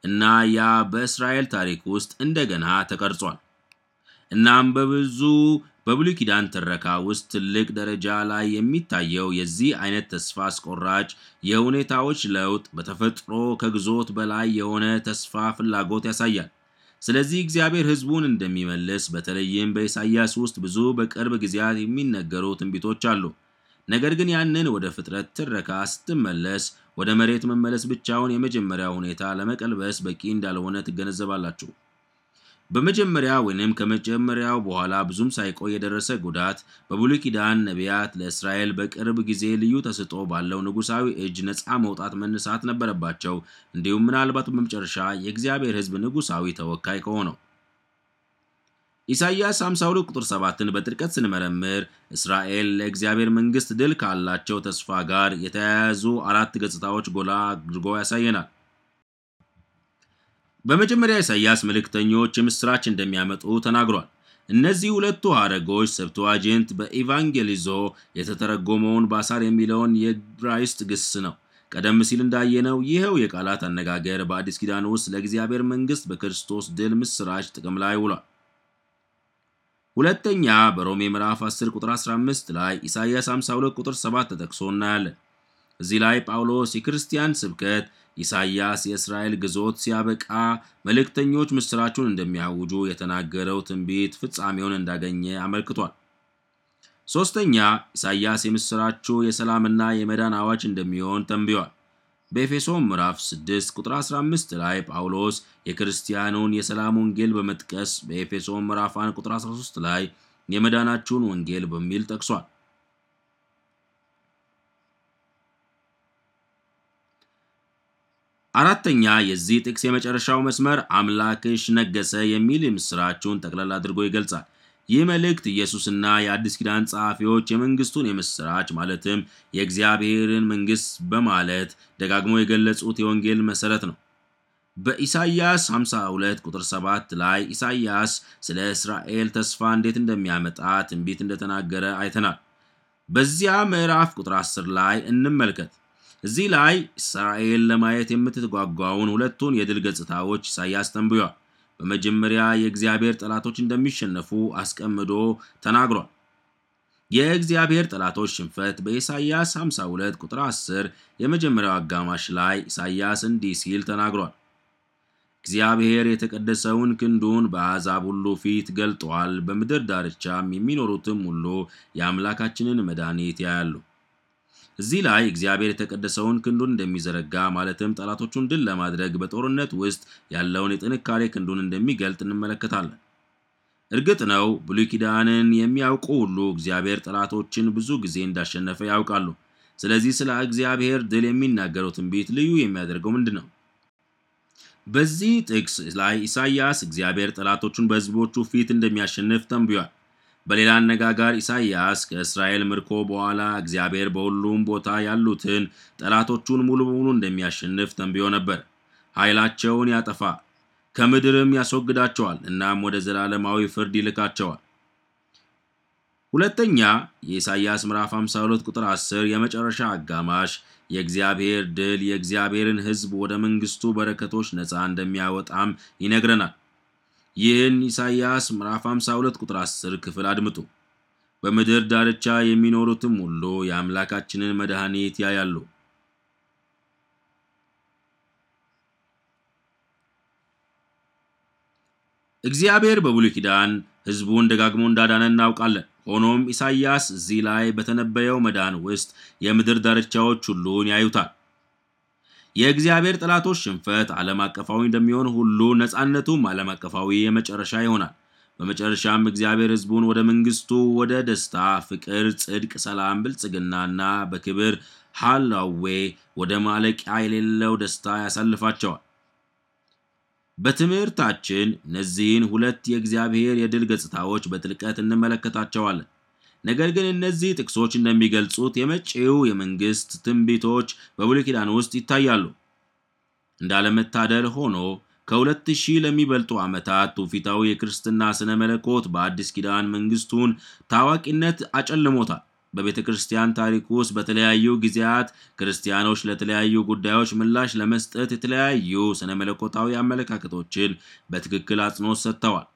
እና ያ በእስራኤል ታሪክ ውስጥ እንደገና ተቀርጿል። እናም በብዙ በብሉይ ኪዳን ትረካ ውስጥ ትልቅ ደረጃ ላይ የሚታየው የዚህ አይነት ተስፋ አስቆራጭ የሁኔታዎች ለውጥ በተፈጥሮ ከግዞት በላይ የሆነ ተስፋ ፍላጎት ያሳያል። ስለዚህ እግዚአብሔር ሕዝቡን እንደሚመልስ በተለይም በኢሳይያስ ውስጥ ብዙ በቅርብ ጊዜያት የሚነገሩ ትንቢቶች አሉ። ነገር ግን ያንን ወደ ፍጥረት ትረካ ስትመለስ ወደ መሬት መመለስ ብቻውን የመጀመሪያ ሁኔታ ለመቀልበስ በቂ እንዳልሆነ ትገነዘባላችሁ። በመጀመሪያ ወይንም ከመጀመሪያው በኋላ ብዙም ሳይቆይ የደረሰ ጉዳት በብሉይ ኪዳን ነቢያት ለእስራኤል በቅርብ ጊዜ ልዩ ተስጦ ባለው ንጉሳዊ እጅ ነፃ መውጣት መነሳት ነበረባቸው። እንዲሁም ምናልባት በመጨረሻ የእግዚአብሔር ሕዝብ ንጉሳዊ ተወካይ ከሆነው ኢሳይያስ 52 ቁጥር 7ን በጥልቀት ስንመረምር እስራኤል ለእግዚአብሔር መንግሥት ድል ካላቸው ተስፋ ጋር የተያያዙ አራት ገጽታዎች ጎላ አድርጎ ያሳየናል። በመጀመሪያ ኢሳይያስ መልእክተኞች የምሥራች እንደሚያመጡ ተናግሯል። እነዚህ ሁለቱ ሐረጎች ሰብቶ አጀንት በኢቫንጌሊዞ የተተረጎመውን ባሳር የሚለውን የዕብራይስጥ ግስ ነው። ቀደም ሲል እንዳየነው ይኸው የቃላት አነጋገር በአዲስ ኪዳን ውስጥ ለእግዚአብሔር መንግሥት በክርስቶስ ድል ምስራች ጥቅም ላይ ውሏል። ሁለተኛ በሮሜ ምዕራፍ 10 ቁጥር 15 ላይ ኢሳይያስ 52 ቁጥር 7 ተጠቅሶ እናያለን። እዚህ ላይ ጳውሎስ የክርስቲያን ስብከት ኢሳይያስ የእስራኤል ግዞት ሲያበቃ መልእክተኞች ምስራቹን እንደሚያውጁ የተናገረው ትንቢት ፍጻሜውን እንዳገኘ አመልክቷል። ሦስተኛ፣ ኢሳይያስ የምስራቹ የሰላምና የመዳን አዋጅ እንደሚሆን ተንብዮአል። በኤፌሶን ምዕራፍ 6 ቁጥር 15 ላይ ጳውሎስ የክርስቲያኑን የሰላም ወንጌል በመጥቀስ በኤፌሶን ምዕራፍ 1 ቁጥር 13 ላይ የመዳናችሁን ወንጌል በሚል ጠቅሷል። አራተኛ የዚህ ጥቅስ የመጨረሻው መስመር አምላክሽ ነገሰ የሚል የምስራችሁን ጠቅላላ አድርጎ ይገልጻል። ይህ መልእክት ኢየሱስና የአዲስ ኪዳን ጸሐፊዎች የመንግስቱን የምስራች ማለትም የእግዚአብሔርን መንግስት በማለት ደጋግሞ የገለጹት የወንጌል መሰረት ነው። በኢሳይያስ 52 ቁጥር 7 ላይ ኢሳይያስ ስለ እስራኤል ተስፋ እንዴት እንደሚያመጣ ትንቢት እንደተናገረ አይተናል። በዚያ ምዕራፍ ቁጥር 10 ላይ እንመልከት። እዚህ ላይ እስራኤል ለማየት የምትጓጓውን ሁለቱን የድል ገጽታዎች ኢሳያስ ተንብዮአል። በመጀመሪያ የእግዚአብሔር ጠላቶች እንደሚሸነፉ አስቀምዶ ተናግሯል። የእግዚአብሔር ጠላቶች ሽንፈት በኢሳይያስ 52 ቁጥር 10 የመጀመሪያው አጋማሽ ላይ ኢሳይያስ እንዲህ ሲል ተናግሯል። እግዚአብሔር የተቀደሰውን ክንዱን በአሕዛብ ሁሉ ፊት ገልጧል፣ በምድር ዳርቻም የሚኖሩትም ሁሉ የአምላካችንን መድኃኒት ያያሉ። እዚህ ላይ እግዚአብሔር የተቀደሰውን ክንዱን እንደሚዘረጋ ማለትም ጠላቶቹን ድል ለማድረግ በጦርነት ውስጥ ያለውን የጥንካሬ ክንዱን እንደሚገልጥ እንመለከታለን። እርግጥ ነው ብሉይ ኪዳንን የሚያውቁ ሁሉ እግዚአብሔር ጠላቶችን ብዙ ጊዜ እንዳሸነፈ ያውቃሉ። ስለዚህ ስለ እግዚአብሔር ድል የሚናገረው ትንቢት ልዩ የሚያደርገው ምንድን ነው? በዚህ ጥቅስ ላይ ኢሳይያስ እግዚአብሔር ጠላቶቹን በሕዝቦቹ ፊት እንደሚያሸንፍ ተንብዮአል። በሌላ አነጋጋር ኢሳይያስ ከእስራኤል ምርኮ በኋላ እግዚአብሔር በሁሉም ቦታ ያሉትን ጠላቶቹን ሙሉ በሙሉ እንደሚያሸንፍ ተንብዮ ነበር። ኃይላቸውን ያጠፋ ከምድርም ያስወግዳቸዋል፣ እናም ወደ ዘላለማዊ ፍርድ ይልካቸዋል። ሁለተኛ የኢሳይያስ ምዕራፍ 52 ቁጥር 10 የመጨረሻ አጋማሽ የእግዚአብሔር ድል የእግዚአብሔርን ሕዝብ ወደ መንግሥቱ በረከቶች ነፃ እንደሚያወጣም ይነግረናል። ይህን ኢሳይያስ ምዕራፍ 52 ቁጥር 10 ክፍል አድምጡ። በምድር ዳርቻ የሚኖሩትም ሁሉ የአምላካችንን መድኃኒት ያያሉ። እግዚአብሔር በብሉይ ኪዳን ሕዝቡን ደጋግሞ እንዳዳነ እናውቃለን። ሆኖም ኢሳይያስ እዚህ ላይ በተነበየው መዳን ውስጥ የምድር ዳርቻዎች ሁሉን ያዩታል። የእግዚአብሔር ጠላቶች ሽንፈት ዓለም አቀፋዊ እንደሚሆን ሁሉ ነፃነቱም ዓለም አቀፋዊ የመጨረሻ ይሆናል። በመጨረሻም እግዚአብሔር ሕዝቡን ወደ መንግስቱ ወደ ደስታ፣ ፍቅር፣ ጽድቅ፣ ሰላም፣ ብልጽግናና በክብር ሃላዌ ወደ ማለቂያ የሌለው ደስታ ያሳልፋቸዋል። በትምህርታችን እነዚህን ሁለት የእግዚአብሔር የድል ገጽታዎች በጥልቀት እንመለከታቸዋለን። ነገር ግን እነዚህ ጥቅሶች እንደሚገልጹት የመጪው የመንግሥት ትንቢቶች በብሉይ ኪዳን ውስጥ ይታያሉ። እንዳለመታደል ሆኖ ከሁለት ሺህ ለሚበልጡ ዓመታት ትውፊታዊ የክርስትና ሥነ መለኮት በአዲስ ኪዳን መንግሥቱን ታዋቂነት አጨልሞታል። በቤተ ክርስቲያን ታሪክ ውስጥ በተለያዩ ጊዜያት ክርስቲያኖች ለተለያዩ ጉዳዮች ምላሽ ለመስጠት የተለያዩ ሥነ መለኮታዊ አመለካከቶችን በትክክል አጽንዖት ሰጥተዋል።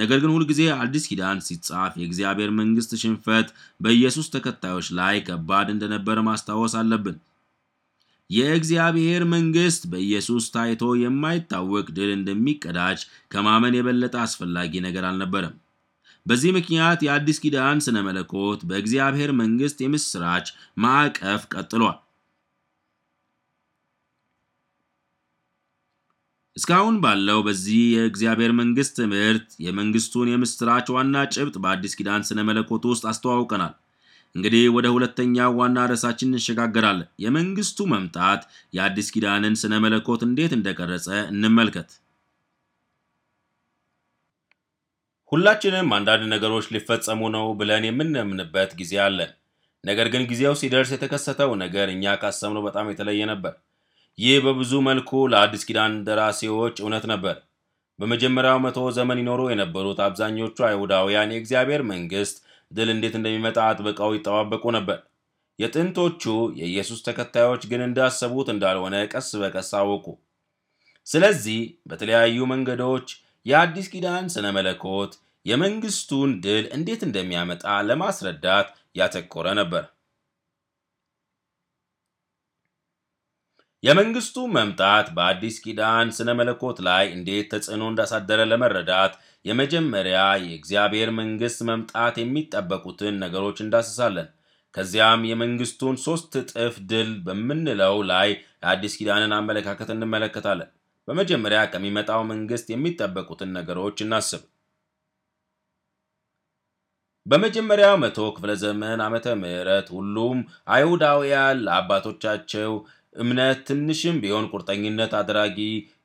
ነገር ግን ሁልጊዜ አዲስ ኪዳን ሲጻፍ የእግዚአብሔር መንግሥት ሽንፈት በኢየሱስ ተከታዮች ላይ ከባድ እንደነበረ ማስታወስ አለብን። የእግዚአብሔር መንግሥት በኢየሱስ ታይቶ የማይታወቅ ድል እንደሚቀዳጅ ከማመን የበለጠ አስፈላጊ ነገር አልነበረም። በዚህ ምክንያት የአዲስ ኪዳን ስነ መለኮት በእግዚአብሔር መንግሥት የምሥራች ማዕቀፍ ቀጥሏል። እስካሁን ባለው በዚህ የእግዚአብሔር መንግሥት ትምህርት የመንግሥቱን የምሥራች ዋና ጭብጥ በአዲስ ኪዳን ስነ መለኮት ውስጥ አስተዋውቀናል። እንግዲህ ወደ ሁለተኛው ዋና ርዕሳችን እንሸጋገራለን። የመንግሥቱ መምጣት የአዲስ ኪዳንን ስነ መለኮት እንዴት እንደቀረጸ እንመልከት። ሁላችንም አንዳንድ ነገሮች ሊፈጸሙ ነው ብለን የምናምንበት ጊዜ አለን። ነገር ግን ጊዜው ሲደርስ የተከሰተው ነገር እኛ ካሰብነው በጣም የተለየ ነበር። ይህ በብዙ መልኩ ለአዲስ ኪዳን ደራሲዎች እውነት ነበር። በመጀመሪያው መቶ ዘመን ይኖሩ የነበሩት አብዛኞቹ አይሁዳውያን የእግዚአብሔር መንግሥት ድል እንዴት እንደሚመጣ አጥብቀው ይጠባበቁ ነበር። የጥንቶቹ የኢየሱስ ተከታዮች ግን እንዳሰቡት እንዳልሆነ ቀስ በቀስ አወቁ። ስለዚህ በተለያዩ መንገዶች የአዲስ ኪዳን ስነ መለኮት የመንግሥቱን ድል እንዴት እንደሚያመጣ ለማስረዳት ያተኮረ ነበር። የመንግስቱ መምጣት በአዲስ ኪዳን ስነ መለኮት ላይ እንዴት ተጽዕኖ እንዳሳደረ ለመረዳት የመጀመሪያ የእግዚአብሔር መንግስት መምጣት የሚጠበቁትን ነገሮች እንዳስሳለን። ከዚያም የመንግስቱን ሦስት እጥፍ ድል በምንለው ላይ የአዲስ ኪዳንን አመለካከት እንመለከታለን። በመጀመሪያ ከሚመጣው መንግስት የሚጠበቁትን ነገሮች እናስብ። በመጀመሪያው መቶ ክፍለ ዘመን ዓመተ ምህረት ሁሉም አይሁዳውያን ለአባቶቻቸው እምነት ትንሽም ቢሆን ቁርጠኝነት አድራጊ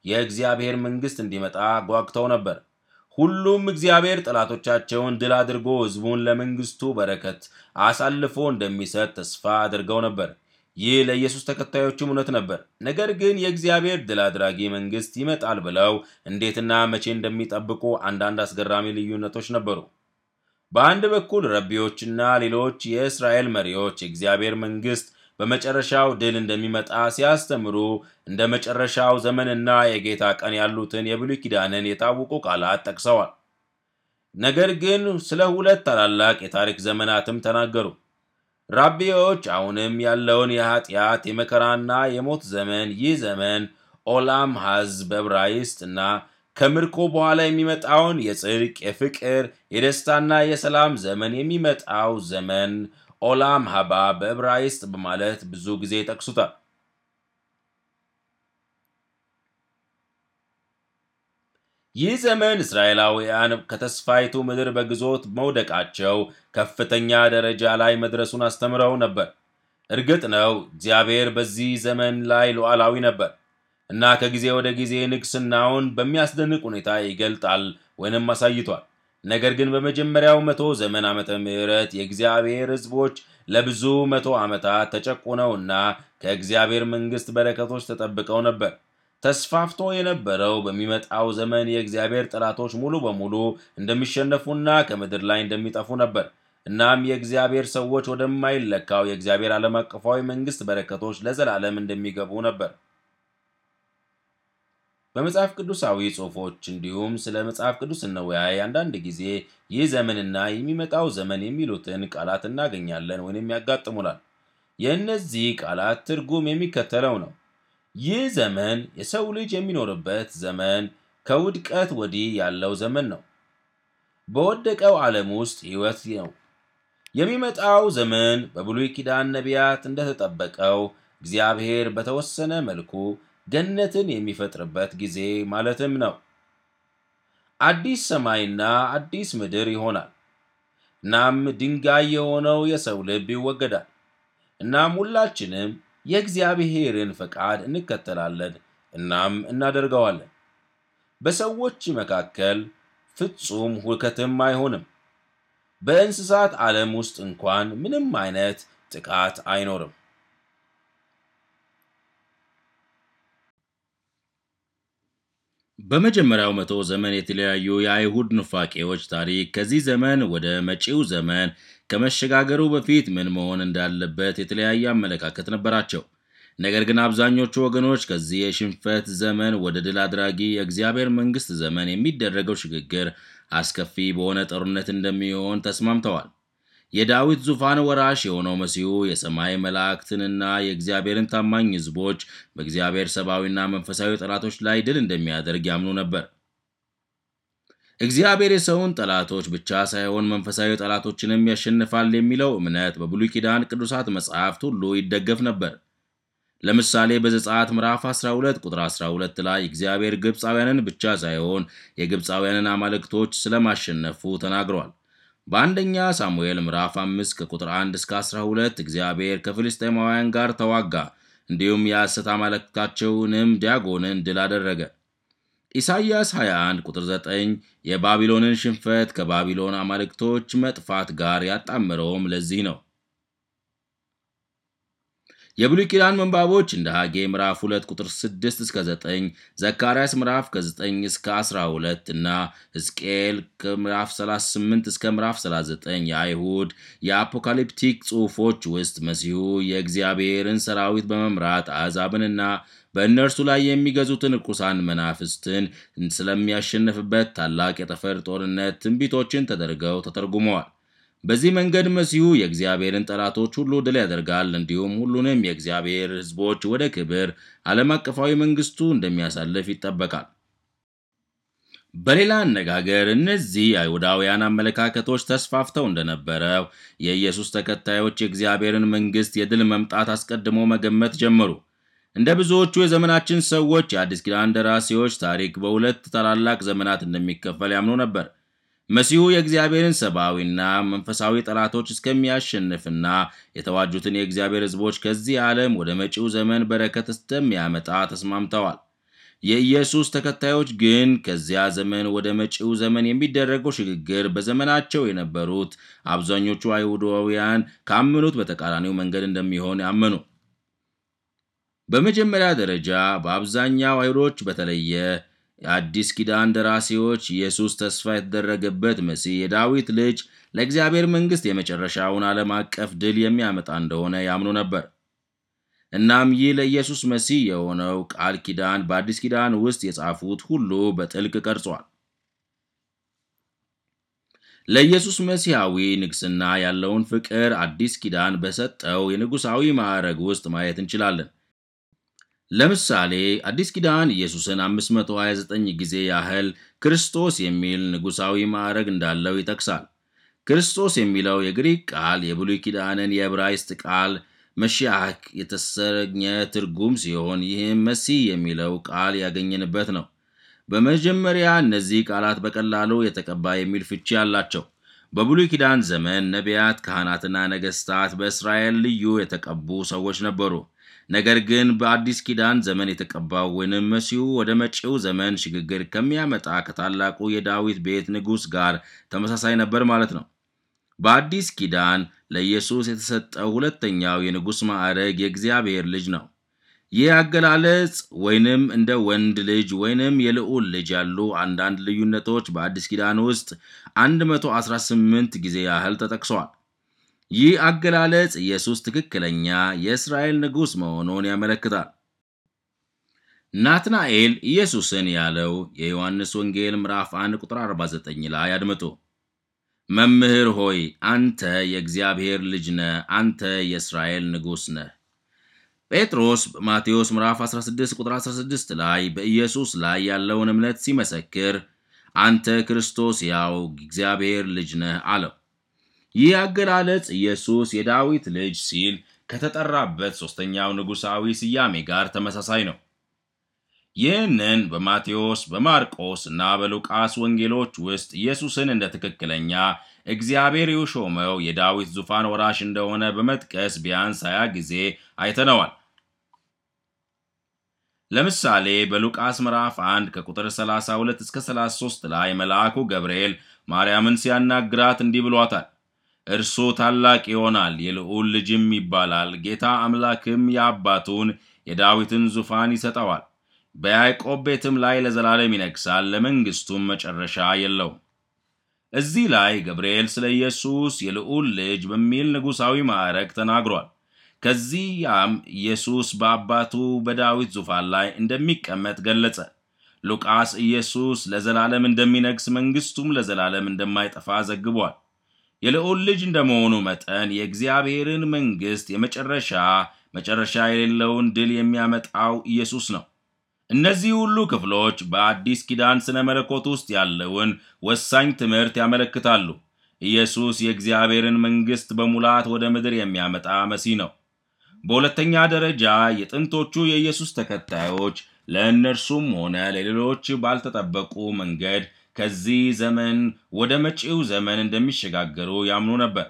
የእግዚአብሔር መንግሥት እንዲመጣ ጓግተው ነበር። ሁሉም እግዚአብሔር ጠላቶቻቸውን ድል አድርጎ ሕዝቡን ለመንግሥቱ በረከት አሳልፎ እንደሚሰጥ ተስፋ አድርገው ነበር። ይህ ለኢየሱስ ተከታዮችም እውነት ነበር። ነገር ግን የእግዚአብሔር ድል አድራጊ መንግሥት ይመጣል ብለው እንዴትና መቼ እንደሚጠብቁ አንዳንድ አስገራሚ ልዩነቶች ነበሩ። በአንድ በኩል ረቢዎችና ሌሎች የእስራኤል መሪዎች የእግዚአብሔር መንግሥት በመጨረሻው ድል እንደሚመጣ ሲያስተምሩ እንደ መጨረሻው ዘመንና የጌታ ቀን ያሉትን የብሉይ ኪዳንን የታወቁ ቃላት ጠቅሰዋል። ነገር ግን ስለ ሁለት ታላላቅ የታሪክ ዘመናትም ተናገሩ። ራቢዎች አሁንም ያለውን የኃጢአት የመከራና የሞት ዘመን ይህ ዘመን ኦላም ሀዝ በብራይስት እና ከምርኮ በኋላ የሚመጣውን የጽድቅ፣ የፍቅር፣ የደስታና የሰላም ዘመን የሚመጣው ዘመን ኦላም ሀባ በዕብራይስጥ በማለት ብዙ ጊዜ ይጠቅሱታል። ይህ ዘመን እስራኤላውያን ከተስፋይቱ ምድር በግዞት መውደቃቸው ከፍተኛ ደረጃ ላይ መድረሱን አስተምረው ነበር። እርግጥ ነው እግዚአብሔር በዚህ ዘመን ላይ ሉዓላዊ ነበር እና ከጊዜ ወደ ጊዜ ንግስናውን በሚያስደንቅ ሁኔታ ይገልጣል ወይንም አሳይቷል። ነገር ግን በመጀመሪያው መቶ ዘመን ዓመተ ምሕረት የእግዚአብሔር ሕዝቦች ለብዙ መቶ ዓመታት ተጨቁነውና ከእግዚአብሔር መንግሥት በረከቶች ተጠብቀው ነበር። ተስፋፍቶ የነበረው በሚመጣው ዘመን የእግዚአብሔር ጠላቶች ሙሉ በሙሉ እንደሚሸነፉና ከምድር ላይ እንደሚጠፉ ነበር። እናም የእግዚአብሔር ሰዎች ወደማይለካው የእግዚአብሔር ዓለም አቀፋዊ መንግሥት በረከቶች ለዘላለም እንደሚገቡ ነበር። በመጽሐፍ ቅዱሳዊ ጽሑፎች እንዲሁም ስለ መጽሐፍ ቅዱስ እንወያይ። አንዳንድ ጊዜ ይህ ዘመንና የሚመጣው ዘመን የሚሉትን ቃላት እናገኛለን ወይም ያጋጥሙናል። የእነዚህ ቃላት ትርጉም የሚከተለው ነው። ይህ ዘመን የሰው ልጅ የሚኖርበት ዘመን ከውድቀት ወዲህ ያለው ዘመን ነው። በወደቀው ዓለም ውስጥ ሕይወት ነው። የሚመጣው ዘመን በብሉይ ኪዳን ነቢያት እንደተጠበቀው እግዚአብሔር በተወሰነ መልኩ ገነትን የሚፈጥርበት ጊዜ ማለትም ነው። አዲስ ሰማይና አዲስ ምድር ይሆናል። እናም ድንጋይ የሆነው የሰው ልብ ይወገዳል። እናም ሁላችንም የእግዚአብሔርን ፈቃድ እንከተላለን እናም እናደርገዋለን። በሰዎች መካከል ፍጹም ሁከትም አይሆንም። በእንስሳት ዓለም ውስጥ እንኳን ምንም አይነት ጥቃት አይኖርም። በመጀመሪያው መቶ ዘመን የተለያዩ የአይሁድ ኑፋቄዎች ታሪክ ከዚህ ዘመን ወደ መጪው ዘመን ከመሸጋገሩ በፊት ምን መሆን እንዳለበት የተለያየ አመለካከት ነበራቸው። ነገር ግን አብዛኞቹ ወገኖች ከዚህ የሽንፈት ዘመን ወደ ድል አድራጊ የእግዚአብሔር መንግሥት ዘመን የሚደረገው ሽግግር አስከፊ በሆነ ጦርነት እንደሚሆን ተስማምተዋል። የዳዊት ዙፋን ወራሽ የሆነው መሲሁ የሰማይ መላእክትንና የእግዚአብሔርን ታማኝ ሕዝቦች በእግዚአብሔር ሰብአዊና መንፈሳዊ ጠላቶች ላይ ድል እንደሚያደርግ ያምኑ ነበር። እግዚአብሔር የሰውን ጠላቶች ብቻ ሳይሆን መንፈሳዊ ጠላቶችንም ያሸንፋል የሚለው እምነት በብሉይ ኪዳን ቅዱሳት መጽሐፍት ሁሉ ይደገፍ ነበር። ለምሳሌ በዘጸአት ምዕራፍ 12 ቁጥር 12 ላይ እግዚአብሔር ግብፃውያንን ብቻ ሳይሆን የግብፃውያንን አማልክቶች ስለማሸነፉ ተናግሯል። በአንደኛ ሳሙኤል ምዕራፍ 5 ከቁጥር 1 እስከ 12 እግዚአብሔር ከፍልስጤማውያን ጋር ተዋጋ፣ እንዲሁም የሐሰት አማልክታቸውንም ዲያጎንን ድል አደረገ። ኢሳይያስ 21 ቁጥር 9 የባቢሎንን ሽንፈት ከባቢሎን አማልክቶች መጥፋት ጋር ያጣምረውም ለዚህ ነው። የብሉይ ኪዳን ምንባቦች እንደ ሐጌ ምዕራፍ 2 ቁጥር 6 እስከ 9፣ ዘካርያስ ምዕራፍ ከ9 እስከ 12 እና ሕዝቅኤል ምዕራፍ 38 እስከ ምዕራፍ 39 የአይሁድ የአፖካሊፕቲክ ጽሑፎች ውስጥ መሲሁ የእግዚአብሔርን ሰራዊት በመምራት አሕዛብንና በእነርሱ ላይ የሚገዙትን ርኩሳን መናፍስትን ስለሚያሸንፍበት ታላቅ የጠፈር ጦርነት ትንቢቶችን ተደርገው ተተርጉመዋል። በዚህ መንገድ መሲሁ የእግዚአብሔርን ጠላቶች ሁሉ ድል ያደርጋል፣ እንዲሁም ሁሉንም የእግዚአብሔር ሕዝቦች ወደ ክብር ዓለም አቀፋዊ መንግስቱ እንደሚያሳልፍ ይጠበቃል። በሌላ አነጋገር እነዚህ አይሁዳውያን አመለካከቶች ተስፋፍተው እንደነበረው የኢየሱስ ተከታዮች የእግዚአብሔርን መንግሥት የድል መምጣት አስቀድሞ መገመት ጀመሩ። እንደ ብዙዎቹ የዘመናችን ሰዎች የአዲስ ኪዳን ደራሲዎች ታሪክ በሁለት ታላላቅ ዘመናት እንደሚከፈል ያምኑ ነበር። መሲሁ የእግዚአብሔርን ሰብአዊና መንፈሳዊ ጠላቶች እስከሚያሸንፍና የተዋጁትን የእግዚአብሔር ሕዝቦች ከዚህ ዓለም ወደ መጪው ዘመን በረከት እስከሚያመጣ ተስማምተዋል። የኢየሱስ ተከታዮች ግን ከዚያ ዘመን ወደ መጪው ዘመን የሚደረገው ሽግግር በዘመናቸው የነበሩት አብዛኞቹ አይሁዳውያን ካመኑት በተቃራኒው መንገድ እንደሚሆን ያመኑ። በመጀመሪያ ደረጃ በአብዛኛው አይሁዶች በተለየ የአዲስ ኪዳን ደራሲዎች ኢየሱስ ተስፋ የተደረገበት መሲህ የዳዊት ልጅ ለእግዚአብሔር መንግሥት የመጨረሻውን ዓለም አቀፍ ድል የሚያመጣ እንደሆነ ያምኑ ነበር። እናም ይህ ለኢየሱስ መሲህ የሆነው ቃል ኪዳን በአዲስ ኪዳን ውስጥ የጻፉት ሁሉ በጥልቅ ቀርጿል። ለኢየሱስ መሲሐዊ ንግሥና ያለውን ፍቅር አዲስ ኪዳን በሰጠው የንጉሣዊ ማዕረግ ውስጥ ማየት እንችላለን። ለምሳሌ አዲስ ኪዳን ኢየሱስን 529 ጊዜ ያህል ክርስቶስ የሚል ንጉሣዊ ማዕረግ እንዳለው ይጠቅሳል። ክርስቶስ የሚለው የግሪክ ቃል የብሉይ ኪዳንን የዕብራይስጥ ቃል መሺያክ የተሰኘ ትርጉም ሲሆን ይህም መሲህ የሚለው ቃል ያገኘንበት ነው። በመጀመሪያ እነዚህ ቃላት በቀላሉ የተቀባ የሚል ፍቺ አላቸው። በብሉይ ኪዳን ዘመን ነቢያት፣ ካህናትና ነገሥታት በእስራኤል ልዩ የተቀቡ ሰዎች ነበሩ። ነገር ግን በአዲስ ኪዳን ዘመን የተቀባው ወይንም መሲሁ ወደ መጪው ዘመን ሽግግር ከሚያመጣ ከታላቁ የዳዊት ቤት ንጉሥ ጋር ተመሳሳይ ነበር ማለት ነው። በአዲስ ኪዳን ለኢየሱስ የተሰጠው ሁለተኛው የንጉሥ ማዕረግ የእግዚአብሔር ልጅ ነው። ይህ አገላለጽ ወይንም እንደ ወንድ ልጅ ወይንም የልዑል ልጅ ያሉ አንዳንድ ልዩነቶች በአዲስ ኪዳን ውስጥ 118 ጊዜ ያህል ተጠቅሰዋል። ይህ አገላለጽ ኢየሱስ ትክክለኛ የእስራኤል ንጉሥ መሆኑን ያመለክታል። ናትናኤል ኢየሱስን ያለው የዮሐንስ ወንጌል ምዕራፍ 1 ቁጥር 49 ላይ አድምጡ። መምህር ሆይ አንተ የእግዚአብሔር ልጅ ነህ፣ አንተ የእስራኤል ንጉሥ ነህ። ጴጥሮስ በማቴዎስ ምዕራፍ 16 ቁጥር 16 ላይ በኢየሱስ ላይ ያለውን እምነት ሲመሰክር አንተ ክርስቶስ ያው እግዚአብሔር ልጅ ነህ አለው። ይህ አገላለጽ ኢየሱስ የዳዊት ልጅ ሲል ከተጠራበት ሦስተኛው ንጉሣዊ ስያሜ ጋር ተመሳሳይ ነው። ይህንን በማቴዎስ በማርቆስ እና በሉቃስ ወንጌሎች ውስጥ ኢየሱስን እንደ ትክክለኛ እግዚአብሔር የሾመው የዳዊት ዙፋን ወራሽ እንደሆነ በመጥቀስ ቢያንስ ሀያ ጊዜ አይተነዋል። ለምሳሌ በሉቃስ ምዕራፍ 1 ከቁጥር 32 እስከ 33 ላይ መልአኩ ገብርኤል ማርያምን ሲያናግራት እንዲህ ብሏታል፣ እርሱ ታላቅ ይሆናል፣ የልዑል ልጅም ይባላል። ጌታ አምላክም የአባቱን የዳዊትን ዙፋን ይሰጠዋል። በያዕቆብ ቤትም ላይ ለዘላለም ይነግሣል፣ ለመንግሥቱም መጨረሻ የለውም። እዚህ ላይ ገብርኤል ስለ ኢየሱስ የልዑል ልጅ በሚል ንጉሣዊ ማዕረግ ተናግሯል። ከዚያም ኢየሱስ በአባቱ በዳዊት ዙፋን ላይ እንደሚቀመጥ ገለጸ። ሉቃስ ኢየሱስ ለዘላለም እንደሚነግስ መንግሥቱም ለዘላለም እንደማይጠፋ ዘግቧል። የልዑል ልጅ እንደመሆኑ መጠን የእግዚአብሔርን መንግሥት የመጨረሻ መጨረሻ የሌለውን ድል የሚያመጣው ኢየሱስ ነው። እነዚህ ሁሉ ክፍሎች በአዲስ ኪዳን ሥነ መለኮት ውስጥ ያለውን ወሳኝ ትምህርት ያመለክታሉ። ኢየሱስ የእግዚአብሔርን መንግሥት በሙላት ወደ ምድር የሚያመጣ መሲህ ነው። በሁለተኛ ደረጃ የጥንቶቹ የኢየሱስ ተከታዮች ለእነርሱም ሆነ ለሌሎች ባልተጠበቁ መንገድ ከዚህ ዘመን ወደ መጪው ዘመን እንደሚሸጋገሩ ያምኑ ነበር።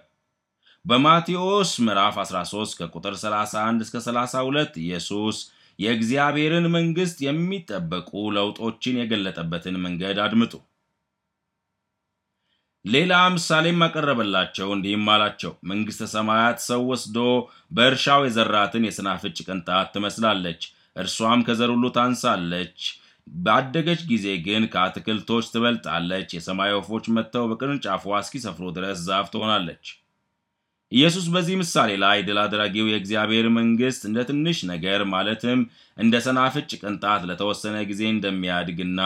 በማቴዎስ ምዕራፍ 13 ከቁጥር 31 እስከ 32 ኢየሱስ የእግዚአብሔርን መንግሥት የሚጠበቁ ለውጦችን የገለጠበትን መንገድ አድምጡ። ሌላ ምሳሌም አቀረበላቸው፣ እንዲህም አላቸው፦ መንግሥተ ሰማያት ሰው ወስዶ በእርሻው የዘራትን የስናፍጭ ቅንጣት ትመስላለች። እርሷም ከዘር ሁሉ ታንሳለች ባደገች ጊዜ ግን ከአትክልቶች ትበልጣለች። የሰማይ ወፎች መጥተው በቅርንጫፏ እስኪሰፍሩ ድረስ ዛፍ ትሆናለች። ኢየሱስ በዚህ ምሳሌ ላይ ድል አድራጊው የእግዚአብሔር መንግሥት እንደ ትንሽ ነገር ማለትም እንደ ሰናፍጭ ቅንጣት ለተወሰነ ጊዜ እንደሚያድግና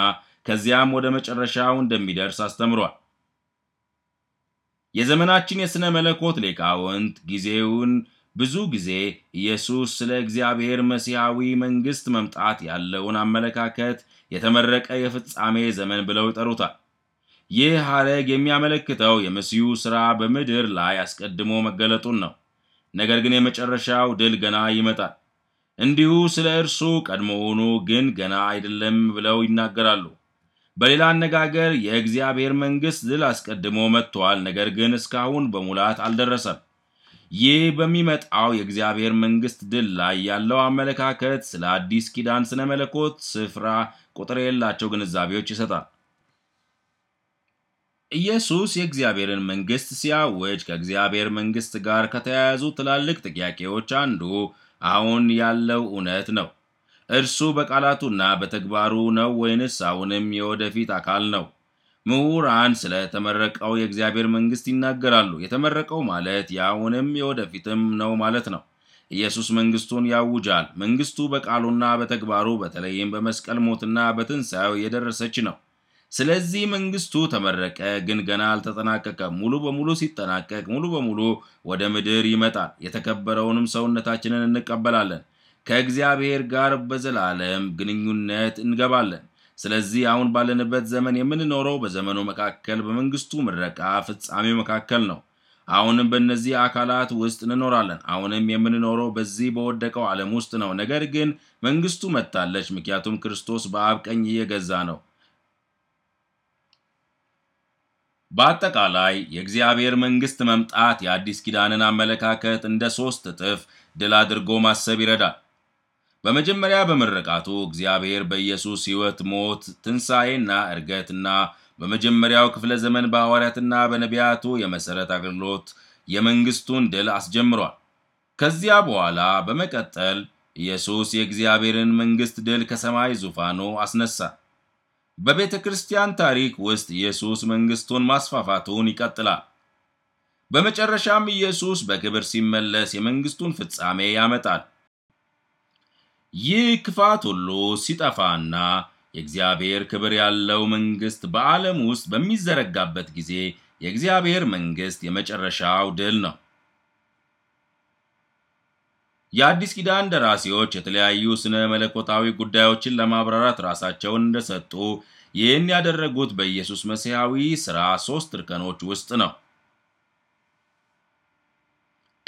ከዚያም ወደ መጨረሻው እንደሚደርስ አስተምሯል። የዘመናችን የሥነ መለኮት ሊቃውንት ጊዜውን ብዙ ጊዜ ኢየሱስ ስለ እግዚአብሔር መሲሐዊ መንግሥት መምጣት ያለውን አመለካከት የተመረቀ የፍጻሜ ዘመን ብለው ይጠሩታል። ይህ ሐረግ የሚያመለክተው የመሲሁ ሥራ በምድር ላይ አስቀድሞ መገለጡን ነው። ነገር ግን የመጨረሻው ድል ገና ይመጣል። እንዲሁ ስለ እርሱ ቀድሞውኑ ግን ገና አይደለም ብለው ይናገራሉ። በሌላ አነጋገር የእግዚአብሔር መንግሥት ድል አስቀድሞ መጥቷል፣ ነገር ግን እስካሁን በሙላት አልደረሰም። ይህ በሚመጣው የእግዚአብሔር መንግሥት ድል ላይ ያለው አመለካከት ስለ አዲስ ኪዳን ስነ መለኮት ስፍራ ቁጥር የሌላቸው ግንዛቤዎች ይሰጣል። ኢየሱስ የእግዚአብሔርን መንግሥት ሲያውጅ ከእግዚአብሔር መንግሥት ጋር ከተያያዙ ትላልቅ ጥያቄዎች አንዱ አሁን ያለው እውነት ነው። እርሱ በቃላቱና በተግባሩ ነው ወይንስ አሁንም የወደፊት አካል ነው? ምሁራን ስለ ተመረቀው የእግዚአብሔር መንግሥት ይናገራሉ። የተመረቀው ማለት የአሁንም የወደፊትም ነው ማለት ነው። ኢየሱስ መንግስቱን ያውጃል። መንግስቱ በቃሉና በተግባሩ በተለይም በመስቀል ሞትና በትንሣኤው የደረሰች ነው። ስለዚህ መንግስቱ ተመረቀ፣ ግን ገና አልተጠናቀቀም። ሙሉ በሙሉ ሲጠናቀቅ ሙሉ በሙሉ ወደ ምድር ይመጣል። የተከበረውንም ሰውነታችንን እንቀበላለን። ከእግዚአብሔር ጋር በዘላለም ግንኙነት እንገባለን። ስለዚህ አሁን ባለንበት ዘመን የምንኖረው በዘመኑ መካከል በመንግስቱ ምረቃ ፍጻሜ መካከል ነው። አሁንም በእነዚህ አካላት ውስጥ እንኖራለን። አሁንም የምንኖረው በዚህ በወደቀው ዓለም ውስጥ ነው። ነገር ግን መንግስቱ መጥታለች፣ ምክንያቱም ክርስቶስ በአብ ቀኝ እየገዛ ነው። በአጠቃላይ የእግዚአብሔር መንግስት መምጣት የአዲስ ኪዳንን አመለካከት እንደ ሦስት እጥፍ ድል አድርጎ ማሰብ ይረዳል። በመጀመሪያ በምረቃቱ እግዚአብሔር በኢየሱስ ሕይወት፣ ሞት፣ ትንሣኤና እርገትና በመጀመሪያው ክፍለ ዘመን በሐዋርያትና በነቢያቱ የመሠረት አገልግሎት የመንግሥቱን ድል አስጀምሯል። ከዚያ በኋላ በመቀጠል ኢየሱስ የእግዚአብሔርን መንግሥት ድል ከሰማይ ዙፋኑ አስነሳ። በቤተ ክርስቲያን ታሪክ ውስጥ ኢየሱስ መንግሥቱን ማስፋፋቱን ይቀጥላል። በመጨረሻም ኢየሱስ በክብር ሲመለስ የመንግሥቱን ፍጻሜ ያመጣል። ይህ ክፋት ሁሉ ሲጠፋና የእግዚአብሔር ክብር ያለው መንግሥት በዓለም ውስጥ በሚዘረጋበት ጊዜ የእግዚአብሔር መንግሥት የመጨረሻው ድል ነው። የአዲስ ኪዳን ደራሲዎች የተለያዩ ስነ መለኮታዊ ጉዳዮችን ለማብራራት ራሳቸውን እንደሰጡ ይህን ያደረጉት በኢየሱስ መሲሐዊ ሥራ ሦስት እርከኖች ውስጥ ነው።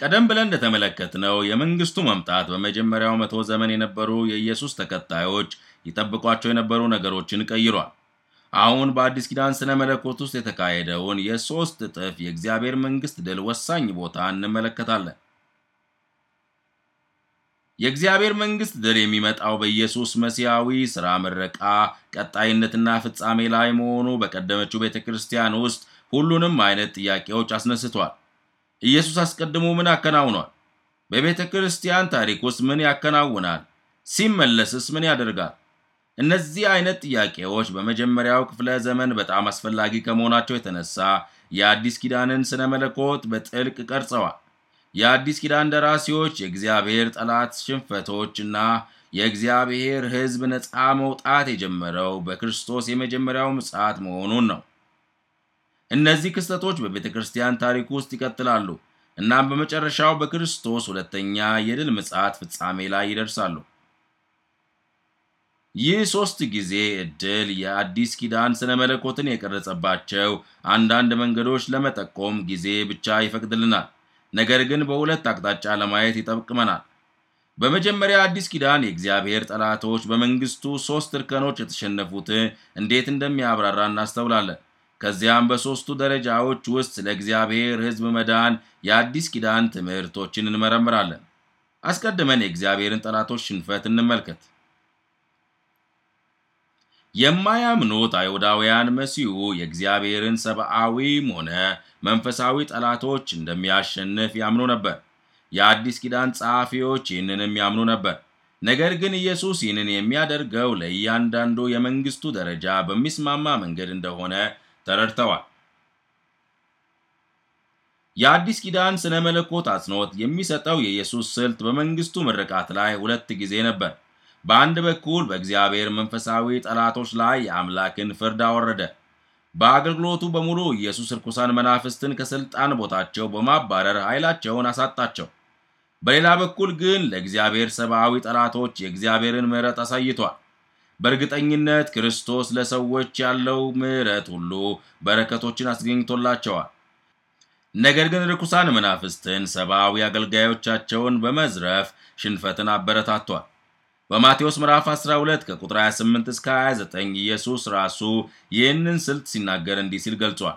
ቀደም ብለን እንደተመለከትነው የመንግሥቱ መምጣት በመጀመሪያው መቶ ዘመን የነበሩ የኢየሱስ ተከታዮች ይጠብቋቸው የነበሩ ነገሮችን ቀይሯል። አሁን በአዲስ ኪዳን ስነ መለኮት ውስጥ የተካሄደውን የሦስት እጥፍ የእግዚአብሔር መንግሥት ድል ወሳኝ ቦታ እንመለከታለን። የእግዚአብሔር መንግሥት ድል የሚመጣው በኢየሱስ መሲያዊ ሥራ ምረቃ፣ ቀጣይነትና ፍጻሜ ላይ መሆኑ በቀደመችው ቤተ ክርስቲያን ውስጥ ሁሉንም አይነት ጥያቄዎች አስነስቷል። ኢየሱስ አስቀድሞ ምን አከናውኗል? በቤተ ክርስቲያን ታሪክ ውስጥ ምን ያከናውናል? ሲመለስስ ምን ያደርጋል? እነዚህ አይነት ጥያቄዎች በመጀመሪያው ክፍለ ዘመን በጣም አስፈላጊ ከመሆናቸው የተነሳ የአዲስ ኪዳንን ስነ መለኮት በጥልቅ ቀርጸዋል። የአዲስ ኪዳን ደራሲዎች የእግዚአብሔር ጠላት ሽንፈቶች እና የእግዚአብሔር ሕዝብ ነፃ መውጣት የጀመረው በክርስቶስ የመጀመሪያው ምጽአት መሆኑን ነው። እነዚህ ክስተቶች በቤተ ክርስቲያን ታሪክ ውስጥ ይቀጥላሉ፣ እናም በመጨረሻው በክርስቶስ ሁለተኛ የድል ምጽአት ፍጻሜ ላይ ይደርሳሉ። ይህ ሦስት ጊዜ ዕድል የአዲስ ኪዳን ስነ መለኮትን የቀረጸባቸው አንዳንድ መንገዶች ለመጠቆም ጊዜ ብቻ ይፈቅድልናል። ነገር ግን በሁለት አቅጣጫ ለማየት ይጠቅመናል። በመጀመሪያ አዲስ ኪዳን የእግዚአብሔር ጠላቶች በመንግስቱ ሦስት እርከኖች የተሸነፉት እንዴት እንደሚያብራራ እናስተውላለን። ከዚያም በሦስቱ ደረጃዎች ውስጥ ለእግዚአብሔር ህዝብ ሕዝብ መዳን የአዲስ ኪዳን ትምህርቶችን እንመረምራለን። አስቀድመን የእግዚአብሔርን ጠላቶች ሽንፈት እንመልከት። የማያምኑት አይሁዳውያን መሲሁ የእግዚአብሔርን ሰብአዊም ሆነ መንፈሳዊ ጠላቶች እንደሚያሸንፍ ያምኑ ነበር። የአዲስ ኪዳን ጸሐፊዎች ይህንንም ያምኑ ነበር። ነገር ግን ኢየሱስ ይህንን የሚያደርገው ለእያንዳንዱ የመንግስቱ ደረጃ በሚስማማ መንገድ እንደሆነ ተረድተዋል። የአዲስ ኪዳን ስነ መለኮት አጽንዖት የሚሰጠው የኢየሱስ ስልት በመንግስቱ ምርቃት ላይ ሁለት ጊዜ ነበር። በአንድ በኩል በእግዚአብሔር መንፈሳዊ ጠላቶች ላይ የአምላክን ፍርድ አወረደ። በአገልግሎቱ በሙሉ ኢየሱስ ርኩሳን መናፍስትን ከሥልጣን ቦታቸው በማባረር ኃይላቸውን አሳጣቸው። በሌላ በኩል ግን ለእግዚአብሔር ሰብአዊ ጠላቶች የእግዚአብሔርን ምሕረት አሳይቷል። በእርግጠኝነት ክርስቶስ ለሰዎች ያለው ምሕረት ሁሉ በረከቶችን አስገኝቶላቸዋል። ነገር ግን ርኩሳን መናፍስትን ሰብአዊ አገልጋዮቻቸውን በመዝረፍ ሽንፈትን አበረታቷል። በማቴዎስ ምዕራፍ 12 ከቁጥር 28 እስከ 29 ኢየሱስ ራሱ ይህንን ስልት ሲናገር እንዲህ ሲል ገልጿል።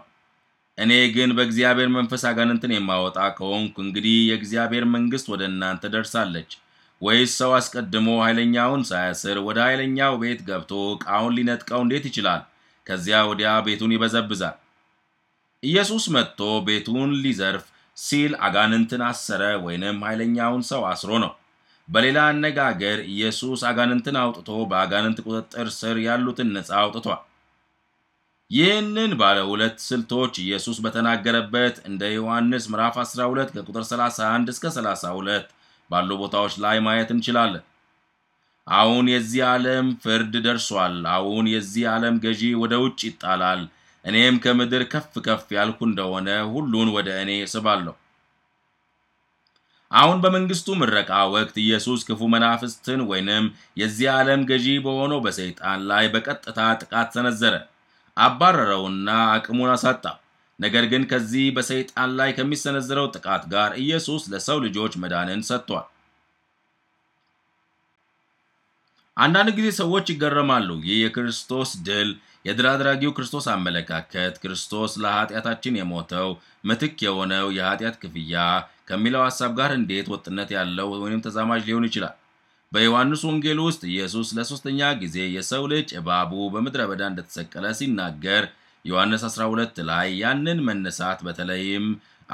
እኔ ግን በእግዚአብሔር መንፈስ አጋንንትን የማወጣ ከሆንኩ እንግዲህ የእግዚአብሔር መንግሥት ወደ እናንተ ደርሳለች። ወይስ ሰው አስቀድሞ ኃይለኛውን ሳያስር ወደ ኃይለኛው ቤት ገብቶ ዕቃውን ሊነጥቀው እንዴት ይችላል? ከዚያ ወዲያ ቤቱን ይበዘብዛል። ኢየሱስ መጥቶ ቤቱን ሊዘርፍ ሲል አጋንንትን አሰረ ወይንም ኃይለኛውን ሰው አስሮ ነው። በሌላ አነጋገር ኢየሱስ አጋንንትን አውጥቶ በአጋንንት ቁጥጥር ስር ያሉትን ነፃ አውጥቷል። ይህንን ባለ ሁለት ስልቶች ኢየሱስ በተናገረበት እንደ ዮሐንስ ምዕራፍ 12 ከቁጥር 31 እስከ 32 ባሉ ቦታዎች ላይ ማየት እንችላለን። አሁን የዚህ ዓለም ፍርድ ደርሷል። አሁን የዚህ ዓለም ገዢ ወደ ውጭ ይጣላል። እኔም ከምድር ከፍ ከፍ ያልኩ እንደሆነ ሁሉን ወደ እኔ እስባለሁ። አሁን በመንግስቱ ምረቃ ወቅት ኢየሱስ ክፉ መናፍስትን ወይንም የዚህ ዓለም ገዢ በሆነው በሰይጣን ላይ በቀጥታ ጥቃት ሰነዘረ፣ አባረረውና አቅሙን አሳጣ፣ ነገር ግን ከዚህ በሰይጣን ላይ ከሚሰነዘረው ጥቃት ጋር ኢየሱስ ለሰው ልጆች መዳንን ሰጥቷል። አንዳንድ ጊዜ ሰዎች ይገረማሉ። ይህ የክርስቶስ ድል የድል አድራጊው ክርስቶስ አመለካከት፣ ክርስቶስ ለኃጢአታችን የሞተው ምትክ የሆነው የኃጢአት ክፍያ ከሚለው ሐሳብ ጋር እንዴት ወጥነት ያለው ወይም ተዛማጅ ሊሆን ይችላል? በዮሐንስ ወንጌል ውስጥ ኢየሱስ ለሦስተኛ ጊዜ የሰው ልጅ እባቡ በምድረ በዳ እንደተሰቀለ ሲናገር ዮሐንስ 12 ላይ ያንን መነሳት በተለይም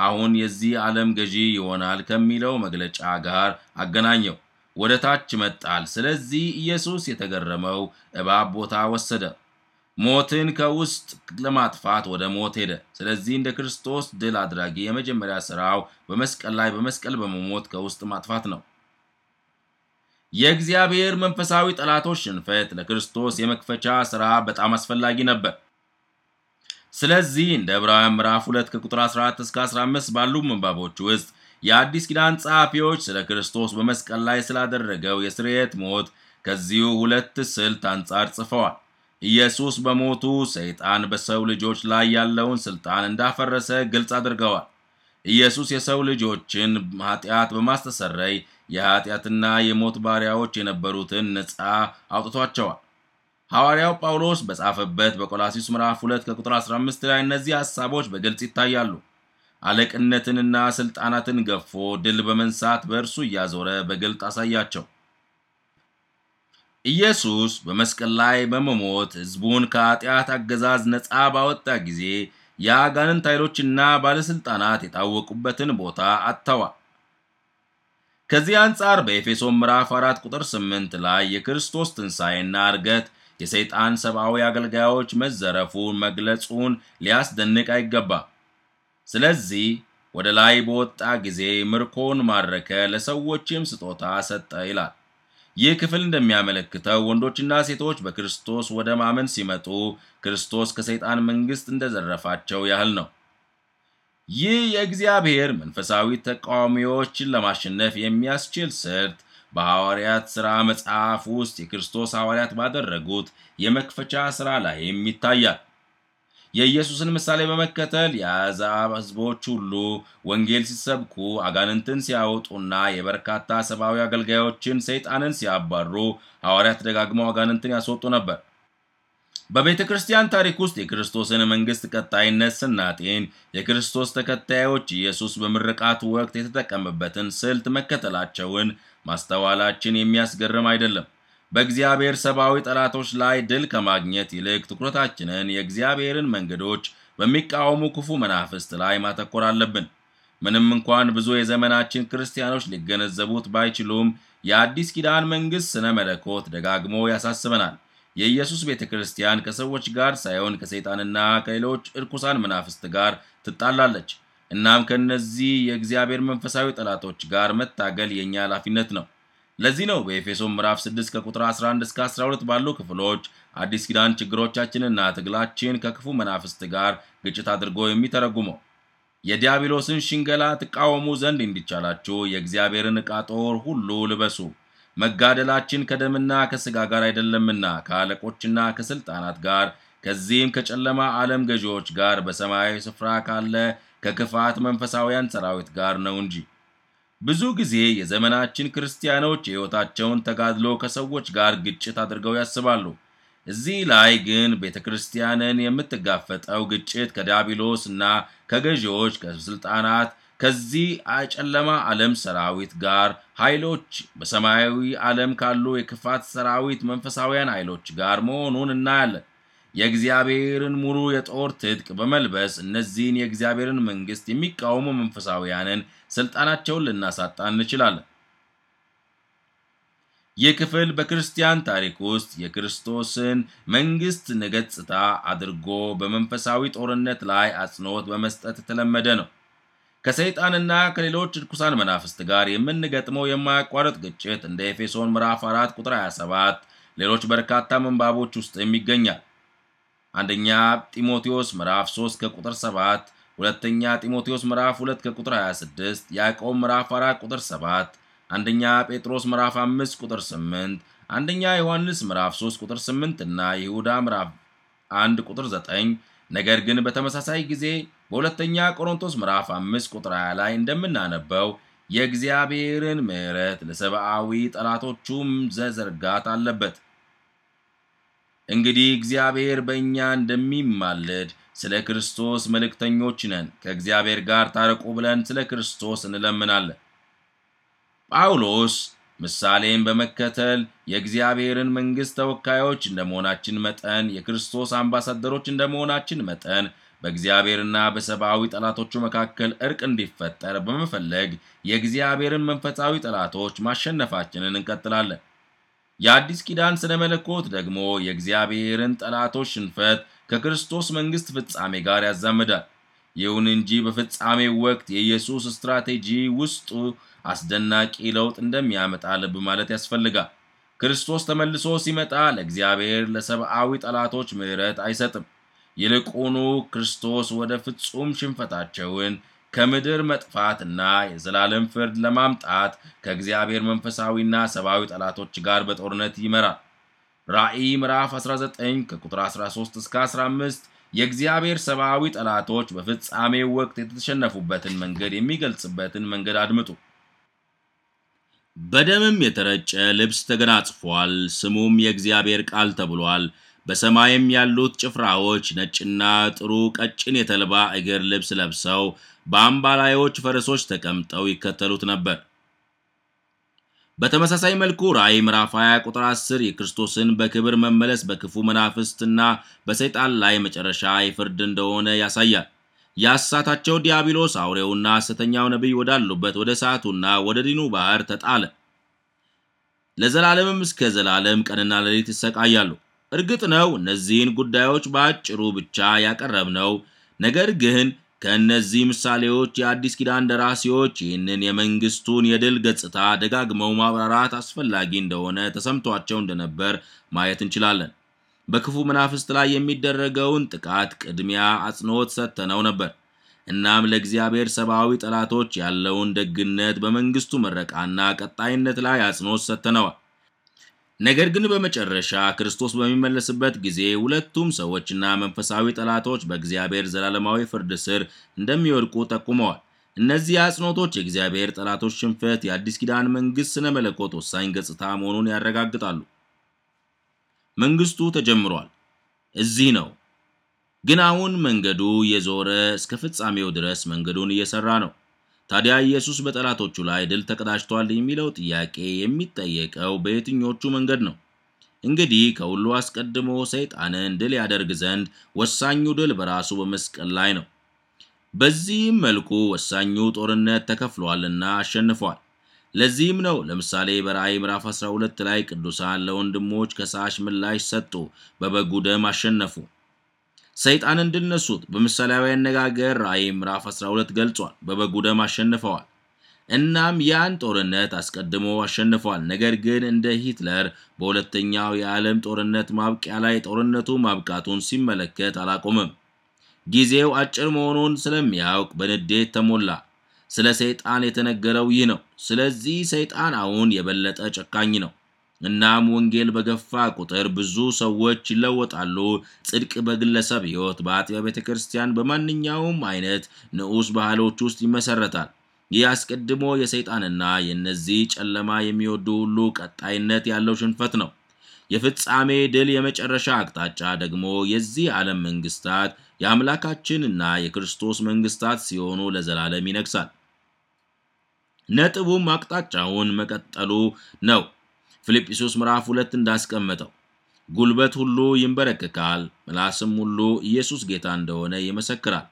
አሁን የዚህ ዓለም ገዢ ይሆናል ከሚለው መግለጫ ጋር አገናኘው። ወደ ታች መጣል። ስለዚህ ኢየሱስ የተገረመው እባብ ቦታ ወሰደ። ሞትን ከውስጥ ለማጥፋት ወደ ሞት ሄደ። ስለዚህ እንደ ክርስቶስ ድል አድራጊ የመጀመሪያ ሥራው በመስቀል ላይ በመስቀል በመሞት ከውስጥ ማጥፋት ነው። የእግዚአብሔር መንፈሳዊ ጠላቶች ሽንፈት ለክርስቶስ የመክፈቻ ሥራ በጣም አስፈላጊ ነበር። ስለዚህ እንደ ዕብራውያን ምዕራፍ 2 ከቁጥር 14 እስከ 15 ባሉ ምንባቦች ውስጥ የአዲስ ኪዳን ጸሐፊዎች ስለ ክርስቶስ በመስቀል ላይ ስላደረገው የስርየት ሞት ከዚሁ ሁለት ስልት አንጻር ጽፈዋል። ኢየሱስ በሞቱ ሰይጣን በሰው ልጆች ላይ ያለውን ስልጣን እንዳፈረሰ ግልጽ አድርገዋል። ኢየሱስ የሰው ልጆችን ኃጢአት በማስተሰረይ የኃጢአትና የሞት ባሪያዎች የነበሩትን ነፃ አውጥቷቸዋል። ሐዋርያው ጳውሎስ በጻፈበት በቆላሲስ ምዕራፍ 2 ከቁጥር 15 ላይ እነዚህ ሐሳቦች በግልጽ ይታያሉ። አለቅነትንና ሥልጣናትን ገፎ ድል በመንሳት በእርሱ እያዞረ በግልጥ አሳያቸው። ኢየሱስ በመስቀል ላይ በመሞት ሕዝቡን ከኃጢአት አገዛዝ ነፃ ባወጣ ጊዜ የአጋንንት ኃይሎችና ባለሥልጣናት የታወቁበትን ቦታ አጥተዋል። ከዚህ አንጻር በኤፌሶን ምዕራፍ 4 ቁጥር 8 ላይ የክርስቶስ ትንሣኤና እርገት የሰይጣን ሰብአዊ አገልጋዮች መዘረፉን መግለጹን ሊያስደንቅ አይገባም። ስለዚህ ወደ ላይ በወጣ ጊዜ ምርኮን ማረከ፣ ለሰዎችም ስጦታ ሰጠ ይላል። ይህ ክፍል እንደሚያመለክተው ወንዶችና ሴቶች በክርስቶስ ወደ ማመን ሲመጡ ክርስቶስ ከሰይጣን መንግሥት እንደዘረፋቸው ያህል ነው። ይህ የእግዚአብሔር መንፈሳዊ ተቃዋሚዎችን ለማሸነፍ የሚያስችል ስልት በሐዋርያት ሥራ መጽሐፍ ውስጥ የክርስቶስ ሐዋርያት ባደረጉት የመክፈቻ ሥራ ላይም ይታያል። የኢየሱስን ምሳሌ በመከተል የአሕዛብ ሕዝቦች ሁሉ ወንጌል ሲሰብኩ አጋንንትን ሲያወጡና የበርካታ ሰብአዊ አገልጋዮችን ሰይጣንን ሲያባሩ ሐዋርያት ደጋግመው አጋንንትን ያስወጡ ነበር። በቤተ ክርስቲያን ታሪክ ውስጥ የክርስቶስን መንግሥት ቀጣይነት ስናጤን የክርስቶስ ተከታዮች ኢየሱስ በምርቃቱ ወቅት የተጠቀመበትን ስልት መከተላቸውን ማስተዋላችን የሚያስገርም አይደለም። በእግዚአብሔር ሰብአዊ ጠላቶች ላይ ድል ከማግኘት ይልቅ ትኩረታችንን የእግዚአብሔርን መንገዶች በሚቃወሙ ክፉ መናፍስት ላይ ማተኮር አለብን። ምንም እንኳን ብዙ የዘመናችን ክርስቲያኖች ሊገነዘቡት ባይችሉም የአዲስ ኪዳን መንግሥት ስነ መለኮት ደጋግሞ ያሳስበናል። የኢየሱስ ቤተ ክርስቲያን ከሰዎች ጋር ሳይሆን ከሰይጣንና ከሌሎች እርኩሳን መናፍስት ጋር ትጣላለች። እናም ከእነዚህ የእግዚአብሔር መንፈሳዊ ጠላቶች ጋር መታገል የእኛ ኃላፊነት ነው። ለዚህ ነው በኤፌሶን ምዕራፍ 6 ከቁጥር 11 እስከ 12 ባሉ ክፍሎች አዲስ ኪዳን ችግሮቻችንና ትግላችን ከክፉ መናፍስት ጋር ግጭት አድርጎ የሚተረጉመው። የዲያብሎስን ሽንገላ ትቃወሙ ዘንድ እንዲቻላችሁ የእግዚአብሔርን ዕቃ ጦር ሁሉ ልበሱ። መጋደላችን ከደምና ከሥጋ ጋር አይደለምና ከአለቆችና ከሥልጣናት ጋር ከዚህም ከጨለማ ዓለም ገዢዎች ጋር በሰማያዊ ስፍራ ካለ ከክፋት መንፈሳውያን ሰራዊት ጋር ነው እንጂ ብዙ ጊዜ የዘመናችን ክርስቲያኖች የሕይወታቸውን ተጋድሎ ከሰዎች ጋር ግጭት አድርገው ያስባሉ። እዚህ ላይ ግን ቤተ ክርስቲያንን የምትጋፈጠው ግጭት ከዲያብሎስ እና ከገዢዎች፣ ከስልጣናት፣ ከዚህ ጨለማ ዓለም ሰራዊት ጋር ኃይሎች በሰማያዊ ዓለም ካሉ የክፋት ሰራዊት መንፈሳውያን ኃይሎች ጋር መሆኑን እናያለን። የእግዚአብሔርን ሙሉ የጦር ትጥቅ በመልበስ እነዚህን የእግዚአብሔርን መንግሥት የሚቃወሙ መንፈሳውያንን ስልጣናቸውን ልናሳጣ እንችላለን። ይህ ክፍል በክርስቲያን ታሪክ ውስጥ የክርስቶስን መንግስት ገጽታ አድርጎ በመንፈሳዊ ጦርነት ላይ አጽንዖት በመስጠት የተለመደ ነው። ከሰይጣንና ከሌሎች ርኩሳን መናፍስት ጋር የምንገጥመው የማያቋርጥ ግጭት እንደ ኤፌሶን ምዕራፍ 4 ቁጥር 27 ሌሎች በርካታ ምንባቦች ውስጥም ይገኛል። አንደኛ ጢሞቴዎስ ምዕራፍ 3 ከቁጥር 7 ሁለተኛ ጢሞቴዎስ ምዕራፍ 2 ከቁጥር 26፣ ያዕቆብ ምዕራፍ 4 ቁጥር 7፣ አንደኛ ጴጥሮስ ምዕራፍ 5 ቁጥር 8፣ አንደኛ ዮሐንስ ምዕራፍ 3 ቁጥር 8 እና ይሁዳ ምዕራፍ 1 ቁጥር 9። ነገር ግን በተመሳሳይ ጊዜ በሁለተኛ ቆሮንቶስ ምዕራፍ 5 ቁጥር 20 ላይ እንደምናነበው የእግዚአብሔርን ምሕረት ለሰብአዊ ጠላቶቹም ዘዘርጋት አለበት። እንግዲህ እግዚአብሔር በእኛ እንደሚማልድ ስለ ክርስቶስ መልእክተኞች ነን፣ ከእግዚአብሔር ጋር ታረቁ ብለን ስለ ክርስቶስ እንለምናለን። ጳውሎስ ምሳሌን በመከተል የእግዚአብሔርን መንግሥት ተወካዮች እንደመሆናችን መጠን፣ የክርስቶስ አምባሳደሮች እንደመሆናችን መጠን በእግዚአብሔርና በሰብአዊ ጠላቶቹ መካከል እርቅ እንዲፈጠር በመፈለግ የእግዚአብሔርን መንፈሳዊ ጠላቶች ማሸነፋችንን እንቀጥላለን። የአዲስ ኪዳን ስነ መለኮት ደግሞ የእግዚአብሔርን ጠላቶች ሽንፈት ከክርስቶስ መንግሥት ፍጻሜ ጋር ያዛምዳል። ይሁን እንጂ በፍጻሜ ወቅት የኢየሱስ ስትራቴጂ ውስጡ አስደናቂ ለውጥ እንደሚያመጣ ልብ ማለት ያስፈልጋል። ክርስቶስ ተመልሶ ሲመጣ ለእግዚአብሔር ለሰብአዊ ጠላቶች ምሕረት አይሰጥም። ይልቁኑ ክርስቶስ ወደ ፍጹም ሽንፈታቸውን ከምድር መጥፋት እና የዘላለም ፍርድ ለማምጣት ከእግዚአብሔር መንፈሳዊና ሰብአዊ ጠላቶች ጋር በጦርነት ይመራል። ራእይ ምዕራፍ 19 ከቁጥር 13 እስከ 15 የእግዚአብሔር ሰብአዊ ጠላቶች በፍጻሜው ወቅት የተሸነፉበትን መንገድ የሚገልጽበትን መንገድ አድምጡ። በደምም የተረጨ ልብስ ተገናጽፏል፣ ስሙም የእግዚአብሔር ቃል ተብሏል። በሰማይም ያሉት ጭፍራዎች ነጭና ጥሩ ቀጭን የተልባ እግር ልብስ ለብሰው በአምባላዮች ፈረሶች ተቀምጠው ይከተሉት ነበር። በተመሳሳይ መልኩ ራእይ ምዕራፍ 20 ቁጥር 10 የክርስቶስን በክብር መመለስ በክፉ መናፍስትና በሰይጣን ላይ መጨረሻ የፍርድ እንደሆነ ያሳያል። ያሳታቸው ዲያብሎስ አውሬውና ሐሰተኛው ነቢይ ወዳሉበት ወደ እሳቱና ወደ ዲኑ ባህር ተጣለ፣ ለዘላለምም እስከ ዘላለም ቀንና ሌሊት ይሰቃያሉ። እርግጥ ነው እነዚህን ጉዳዮች በአጭሩ ብቻ ያቀረብነው ነገር ግን ከእነዚህ ምሳሌዎች የአዲስ ኪዳን ደራሲዎች ይህንን የመንግስቱን የድል ገጽታ ደጋግመው ማብራራት አስፈላጊ እንደሆነ ተሰምቷቸው እንደነበር ማየት እንችላለን። በክፉ መናፍስት ላይ የሚደረገውን ጥቃት ቅድሚያ አጽንዖት ሰጥተነው ነበር። እናም ለእግዚአብሔር ሰብአዊ ጠላቶች ያለውን ደግነት በመንግስቱ ምረቃና ቀጣይነት ላይ አጽንዖት ሰጥተነዋል። ነገር ግን በመጨረሻ ክርስቶስ በሚመለስበት ጊዜ ሁለቱም ሰዎችና መንፈሳዊ ጠላቶች በእግዚአብሔር ዘላለማዊ ፍርድ ስር እንደሚወድቁ ጠቁመዋል። እነዚህ አጽንኦቶች የእግዚአብሔር ጠላቶች ሽንፈት የአዲስ ኪዳን መንግሥት ስነ መለኮት ወሳኝ ገጽታ መሆኑን ያረጋግጣሉ። መንግሥቱ ተጀምሯል፣ እዚህ ነው። ግን አሁን መንገዱ የዞረ እስከ ፍጻሜው ድረስ መንገዱን እየሠራ ነው። ታዲያ ኢየሱስ በጠላቶቹ ላይ ድል ተቀዳጅቷል የሚለው ጥያቄ የሚጠየቀው በየትኞቹ መንገድ ነው? እንግዲህ ከሁሉ አስቀድሞ ሰይጣንን ድል ያደርግ ዘንድ ወሳኙ ድል በራሱ በመስቀል ላይ ነው። በዚህም መልኩ ወሳኙ ጦርነት ተከፍሏልና አሸንፏል። ለዚህም ነው ለምሳሌ በራእይ ምዕራፍ 12 ላይ ቅዱሳን ለወንድሞች ከሳሽ ምላሽ ሰጡ፣ በበጉ ደም አሸነፉ። ሰይጣን እንድነሱት በምሳሌያዊ አነጋገር ራእይ ምዕራፍ 12 ገልጿል። በበጉ ደም አሸንፈዋል። እናም ያን ጦርነት አስቀድሞ አሸንፏል። ነገር ግን እንደ ሂትለር በሁለተኛው የዓለም ጦርነት ማብቂያ ላይ ጦርነቱ ማብቃቱን ሲመለከት አላቆመም። ጊዜው አጭር መሆኑን ስለሚያውቅ በንዴት ተሞላ። ስለ ሰይጣን የተነገረው ይህ ነው። ስለዚህ ሰይጣን አሁን የበለጠ ጨካኝ ነው። እናም ወንጌል በገፋ ቁጥር ብዙ ሰዎች ይለወጣሉ። ጽድቅ በግለሰብ ሕይወት፣ በአጥቢያ ቤተ ክርስቲያን፣ በማንኛውም አይነት ንዑስ ባህሎች ውስጥ ይመሰረታል። ይህ አስቀድሞ የሰይጣንና የእነዚህ ጨለማ የሚወዱ ሁሉ ቀጣይነት ያለው ሽንፈት ነው። የፍጻሜ ድል የመጨረሻ አቅጣጫ ደግሞ የዚህ ዓለም መንግስታት የአምላካችንና የክርስቶስ መንግስታት ሲሆኑ ለዘላለም ይነግሳል። ነጥቡም አቅጣጫውን መቀጠሉ ነው። ፊልጵስዩስ ምዕራፍ ሁለት እንዳስቀመጠው ጉልበት ሁሉ ይንበረክካል፣ ምላስም ሁሉ ኢየሱስ ጌታ እንደሆነ ይመሰክራል።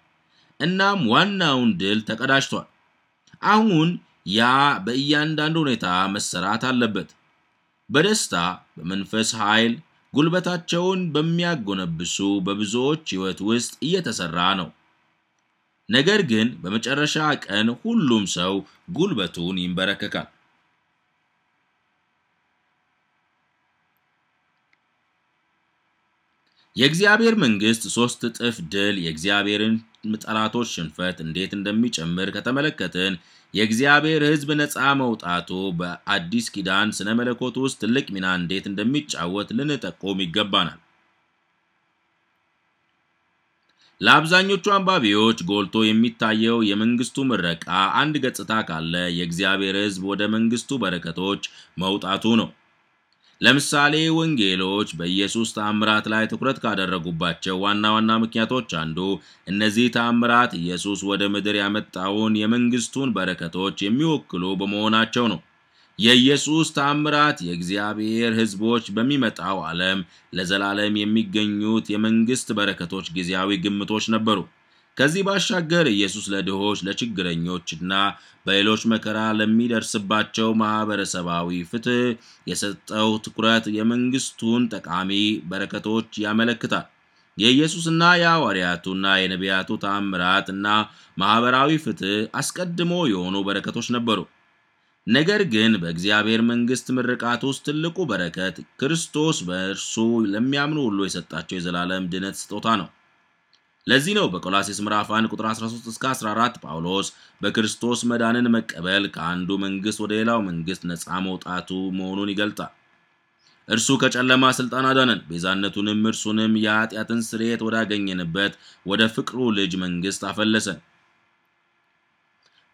እናም ዋናውን ድል ተቀዳጅቷል። አሁን ያ በእያንዳንዱ ሁኔታ መሰራት አለበት። በደስታ በመንፈስ ኃይል ጉልበታቸውን በሚያጎነብሱ በብዙዎች ሕይወት ውስጥ እየተሠራ ነው። ነገር ግን በመጨረሻ ቀን ሁሉም ሰው ጉልበቱን ይንበረከካል። የእግዚአብሔር መንግስት ሶስት እጥፍ ድል የእግዚአብሔርን ጠላቶች ሽንፈት እንዴት እንደሚጨምር ከተመለከትን የእግዚአብሔር ሕዝብ ነፃ መውጣቱ በአዲስ ኪዳን ስነ መለኮት ውስጥ ትልቅ ሚና እንዴት እንደሚጫወት ልንጠቁም ይገባናል። ለአብዛኞቹ አንባቢዎች ጎልቶ የሚታየው የመንግስቱ ምረቃ አንድ ገጽታ ካለ የእግዚአብሔር ሕዝብ ወደ መንግስቱ በረከቶች መውጣቱ ነው። ለምሳሌ ወንጌሎች በኢየሱስ ተአምራት ላይ ትኩረት ካደረጉባቸው ዋና ዋና ምክንያቶች አንዱ እነዚህ ተአምራት ኢየሱስ ወደ ምድር ያመጣውን የመንግስቱን በረከቶች የሚወክሉ በመሆናቸው ነው። የኢየሱስ ተአምራት የእግዚአብሔር ሕዝቦች በሚመጣው ዓለም ለዘላለም የሚገኙት የመንግስት በረከቶች ጊዜያዊ ግምቶች ነበሩ። ከዚህ ባሻገር ኢየሱስ ለድሆች ለችግረኞችና በሌሎች መከራ ለሚደርስባቸው ማኅበረሰባዊ ፍትሕ የሰጠው ትኩረት የመንግሥቱን ጠቃሚ በረከቶች ያመለክታል። የኢየሱስና የሐዋርያቱና የነቢያቱ ታምራት እና ማኅበራዊ ፍትሕ አስቀድሞ የሆኑ በረከቶች ነበሩ። ነገር ግን በእግዚአብሔር መንግሥት ምርቃት ውስጥ ትልቁ በረከት ክርስቶስ በእርሱ ለሚያምኑ ሁሉ የሰጣቸው የዘላለም ድነት ስጦታ ነው። ለዚህ ነው በቆላሴስ ምዕራፍ 1 ቁጥር 13 እስከ 14 ጳውሎስ በክርስቶስ መዳንን መቀበል ከአንዱ መንግሥት ወደ ሌላው መንግሥት ነፃ መውጣቱ መሆኑን ይገልጣል። እርሱ ከጨለማ ሥልጣን አዳነን፣ ቤዛነቱንም እርሱንም የኃጢአትን ስርየት ወዳገኘንበት ወደ ፍቅሩ ልጅ መንግሥት አፈለሰን።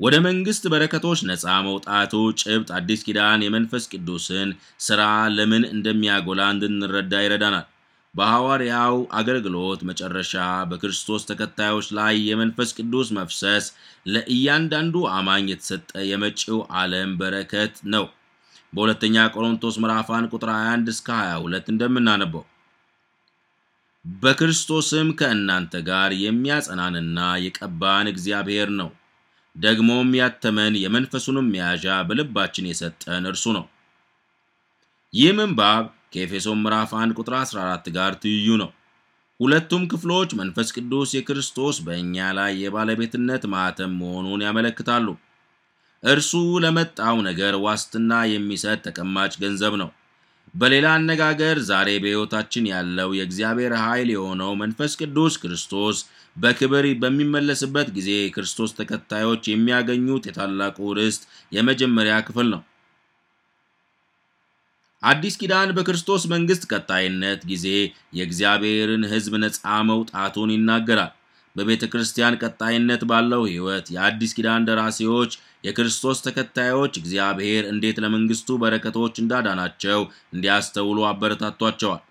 ወደ መንግሥት በረከቶች ነፃ መውጣቱ ጭብጥ አዲስ ኪዳን የመንፈስ ቅዱስን ሥራ ለምን እንደሚያጎላ እንድንረዳ ይረዳናል። በሐዋርያው አገልግሎት መጨረሻ በክርስቶስ ተከታዮች ላይ የመንፈስ ቅዱስ መፍሰስ ለእያንዳንዱ አማኝ የተሰጠ የመጪው ዓለም በረከት ነው። በሁለተኛ ቆሮንቶስ ምዕራፍ 1 ቁጥር 21 እስከ 22 እንደምናነበው በክርስቶስም ከእናንተ ጋር የሚያጸናንና የቀባን እግዚአብሔር ነው። ደግሞም ያተመን የመንፈሱንም መያዣ በልባችን የሰጠን እርሱ ነው። ይህ ምንባብ ከኤፌሶን ምዕራፍ 1 ቁጥር 14 ጋር ትይዩ ነው። ሁለቱም ክፍሎች መንፈስ ቅዱስ የክርስቶስ በእኛ ላይ የባለቤትነት ማኅተም መሆኑን ያመለክታሉ። እርሱ ለመጣው ነገር ዋስትና የሚሰጥ ተቀማጭ ገንዘብ ነው። በሌላ አነጋገር ዛሬ በሕይወታችን ያለው የእግዚአብሔር ኃይል የሆነው መንፈስ ቅዱስ ክርስቶስ በክብር በሚመለስበት ጊዜ የክርስቶስ ተከታዮች የሚያገኙት የታላቁ ርስት የመጀመሪያ ክፍል ነው። አዲስ ኪዳን በክርስቶስ መንግሥት ቀጣይነት ጊዜ የእግዚአብሔርን ሕዝብ ነፃ መውጣቱን ይናገራል። በቤተ ክርስቲያን ቀጣይነት ባለው ሕይወት የአዲስ ኪዳን ደራሲዎች የክርስቶስ ተከታዮች እግዚአብሔር እንዴት ለመንግሥቱ በረከቶች እንዳዳናቸው እንዲያስተውሉ አበረታቷቸዋል።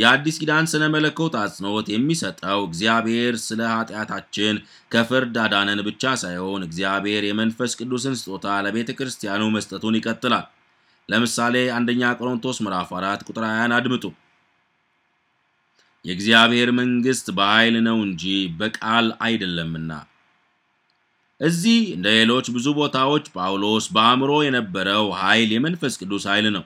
የአዲስ ኪዳን ስነ መለኮት አጽንዖት የሚሰጠው እግዚአብሔር ስለ ኃጢአታችን ከፍርድ አዳነን ብቻ ሳይሆን እግዚአብሔር የመንፈስ ቅዱስን ስጦታ ለቤተ ክርስቲያኑ መስጠቱን ይቀጥላል። ለምሳሌ አንደኛ ቆሮንቶስ ምዕራፍ 4 ቁጥር 20 አድምጡ። የእግዚአብሔር መንግሥት በኃይል ነው እንጂ በቃል አይደለምና። እዚህ እንደ ሌሎች ብዙ ቦታዎች ጳውሎስ በአእምሮ የነበረው ኃይል የመንፈስ ቅዱስ ኃይል ነው።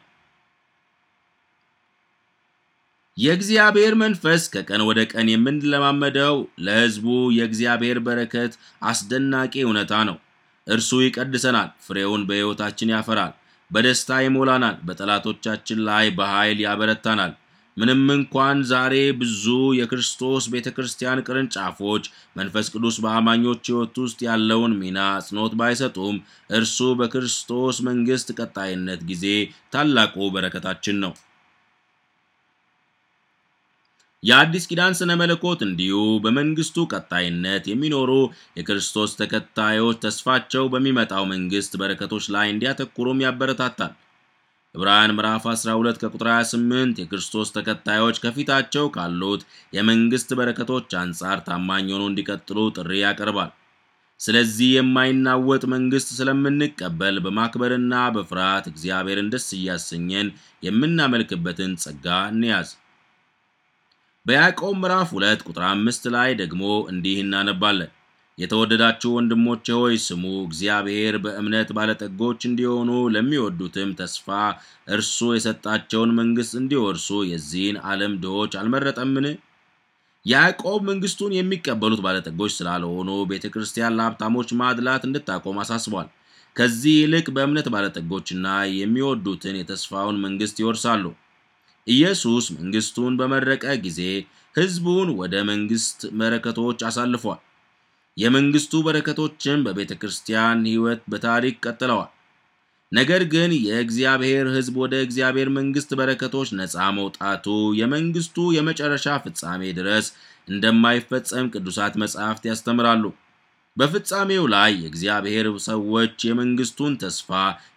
የእግዚአብሔር መንፈስ ከቀን ወደ ቀን የምንለማመደው ለሕዝቡ የእግዚአብሔር በረከት አስደናቂ እውነታ ነው። እርሱ ይቀድሰናል፣ ፍሬውን በሕይወታችን ያፈራል። በደስታ ይሞላናል፣ በጠላቶቻችን ላይ በኃይል ያበረታናል። ምንም እንኳን ዛሬ ብዙ የክርስቶስ ቤተ ክርስቲያን ቅርንጫፎች መንፈስ ቅዱስ በአማኞች ሕይወት ውስጥ ያለውን ሚና አጽንኦት ባይሰጡም፣ እርሱ በክርስቶስ መንግሥት ቀጣይነት ጊዜ ታላቁ በረከታችን ነው። የአዲስ ኪዳን ስነ መለኮት እንዲሁ በመንግስቱ ቀጣይነት የሚኖሩ የክርስቶስ ተከታዮች ተስፋቸው በሚመጣው መንግስት በረከቶች ላይ እንዲያተኩሩም ያበረታታል። ዕብራን ምዕራፍ 12 ከቁጥር 28 የክርስቶስ ተከታዮች ከፊታቸው ካሉት የመንግስት በረከቶች አንጻር ታማኝ ሆኖ እንዲቀጥሉ ጥሪ ያቀርባል። ስለዚህ የማይናወጥ መንግሥት ስለምንቀበል በማክበርና በፍርሃት እግዚአብሔርን ደስ እያሰኘን የምናመልክበትን ጸጋ እንያዝ። በያዕቆብ ምዕራፍ 2 ቁጥር አምስት ላይ ደግሞ እንዲህ እናነባለን። የተወደዳችሁ ወንድሞቼ ሆይ ስሙ፣ እግዚአብሔር በእምነት ባለጠጎች እንዲሆኑ ለሚወዱትም ተስፋ እርሱ የሰጣቸውን መንግሥት እንዲወርሱ የዚህን ዓለም ድሆች አልመረጠምን? ያዕቆብ መንግሥቱን የሚቀበሉት ባለጠጎች ስላልሆኑ ቤተ ክርስቲያን ለሀብታሞች ማድላት እንድታቆም አሳስቧል። ከዚህ ይልቅ በእምነት ባለጠጎችና የሚወዱትን የተስፋውን መንግሥት ይወርሳሉ። ኢየሱስ መንግሥቱን በመረቀ ጊዜ ሕዝቡን ወደ መንግሥት በረከቶች አሳልፏል። የመንግሥቱ በረከቶችም በቤተ ክርስቲያን ሕይወት በታሪክ ቀጥለዋል። ነገር ግን የእግዚአብሔር ሕዝብ ወደ እግዚአብሔር መንግሥት በረከቶች ነፃ መውጣቱ የመንግሥቱ የመጨረሻ ፍጻሜ ድረስ እንደማይፈጸም ቅዱሳት መጻሕፍት ያስተምራሉ። በፍጻሜው ላይ የእግዚአብሔር ሰዎች የመንግሥቱን ተስፋ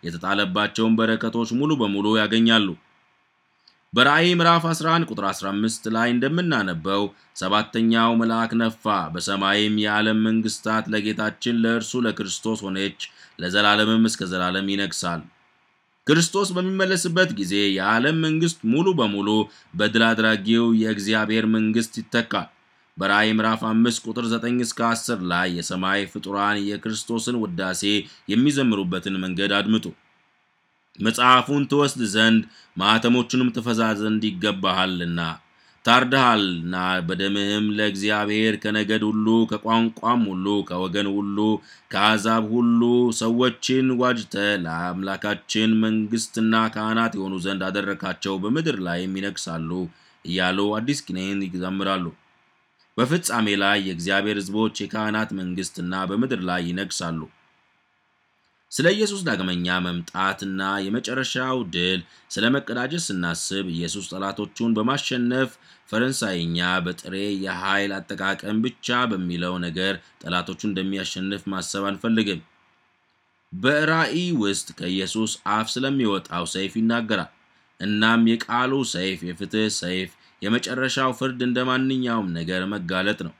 የተጣለባቸውን በረከቶች ሙሉ በሙሉ ያገኛሉ። በራእይ ምዕራፍ 11 ቁጥር 15 ላይ እንደምናነበው ሰባተኛው መልአክ ነፋ፣ በሰማይም የዓለም መንግሥታት ለጌታችን ለእርሱ ለክርስቶስ ሆነች፣ ለዘላለምም እስከ ዘላለም ይነግሣል። ክርስቶስ በሚመለስበት ጊዜ የዓለም መንግሥት ሙሉ በሙሉ በድል አድራጊው የእግዚአብሔር መንግሥት ይተካል። በራእይ ምዕራፍ 5 ቁጥር 9 እስከ 10 ላይ የሰማይ ፍጡራን የክርስቶስን ውዳሴ የሚዘምሩበትን መንገድ አድምጡ። መጽሐፉን ትወስድ ዘንድ ማኅተሞቹንም ትፈዛ ዘንድ ይገባሃልና ታርደሃልና በደምህም ለእግዚአብሔር ከነገድ ሁሉ ከቋንቋም ሁሉ ከወገን ሁሉ ከአሕዛብ ሁሉ ሰዎችን ዋጅተ ለአምላካችን መንግሥትና ካህናት የሆኑ ዘንድ አደረካቸው፣ በምድር ላይም ይነግሳሉ እያሉ አዲስ ኪኔን ይዘምራሉ። በፍጻሜ ላይ የእግዚአብሔር ሕዝቦች የካህናት መንግሥትና በምድር ላይ ይነግሳሉ። ስለ ኢየሱስ ዳግመኛ መምጣትና የመጨረሻው ድል ስለ መቀዳጀት ስናስብ ኢየሱስ ጠላቶቹን በማሸነፍ ፈረንሳይኛ በጥሬ የኃይል አጠቃቀም ብቻ በሚለው ነገር ጠላቶቹ እንደሚያሸንፍ ማሰብ አንፈልግም። በራእይ ውስጥ ከኢየሱስ አፍ ስለሚወጣው ሰይፍ ይናገራል። እናም የቃሉ ሰይፍ የፍትህ ሰይፍ፣ የመጨረሻው ፍርድ እንደ ማንኛውም ነገር መጋለጥ ነው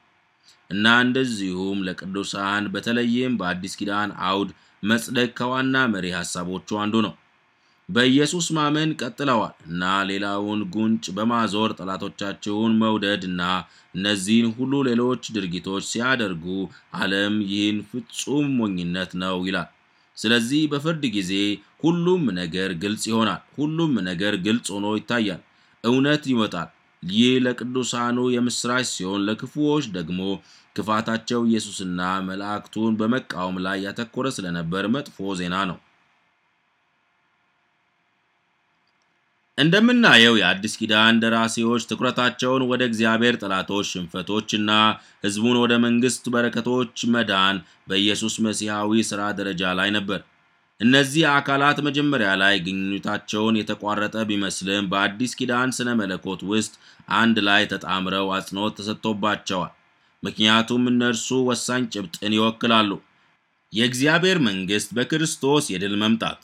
እና እንደዚሁም ለቅዱሳን በተለይም በአዲስ ኪዳን አውድ መጽደቅ ከዋና መሪ ሐሳቦቹ አንዱ ነው። በኢየሱስ ማመን ቀጥለዋል እና ሌላውን ጉንጭ በማዞር ጠላቶቻቸውን መውደድ እና እነዚህን ሁሉ ሌሎች ድርጊቶች ሲያደርጉ ዓለም ይህን ፍጹም ሞኝነት ነው ይላል። ስለዚህ በፍርድ ጊዜ ሁሉም ነገር ግልጽ ይሆናል። ሁሉም ነገር ግልጽ ሆኖ ይታያል። እውነት ይወጣል። ይህ ለቅዱሳኑ የምሥራች ሲሆን ለክፉዎች ደግሞ ክፋታቸው ኢየሱስና መላእክቱን በመቃወም ላይ ያተኮረ ስለነበር መጥፎ ዜና ነው። እንደምናየው የአዲስ ኪዳን ደራሲዎች ትኩረታቸውን ወደ እግዚአብሔር ጠላቶች ሽንፈቶችና ሕዝቡን ወደ መንግሥት በረከቶች መዳን በኢየሱስ መሲሐዊ ሥራ ደረጃ ላይ ነበር። እነዚህ አካላት መጀመሪያ ላይ ግንኙታቸውን የተቋረጠ ቢመስልም በአዲስ ኪዳን ስነ መለኮት ውስጥ አንድ ላይ ተጣምረው አጽንዖት ተሰጥቶባቸዋል። ምክንያቱም እነርሱ ወሳኝ ጭብጥን ይወክላሉ። የእግዚአብሔር መንግሥት በክርስቶስ የድል መምጣት።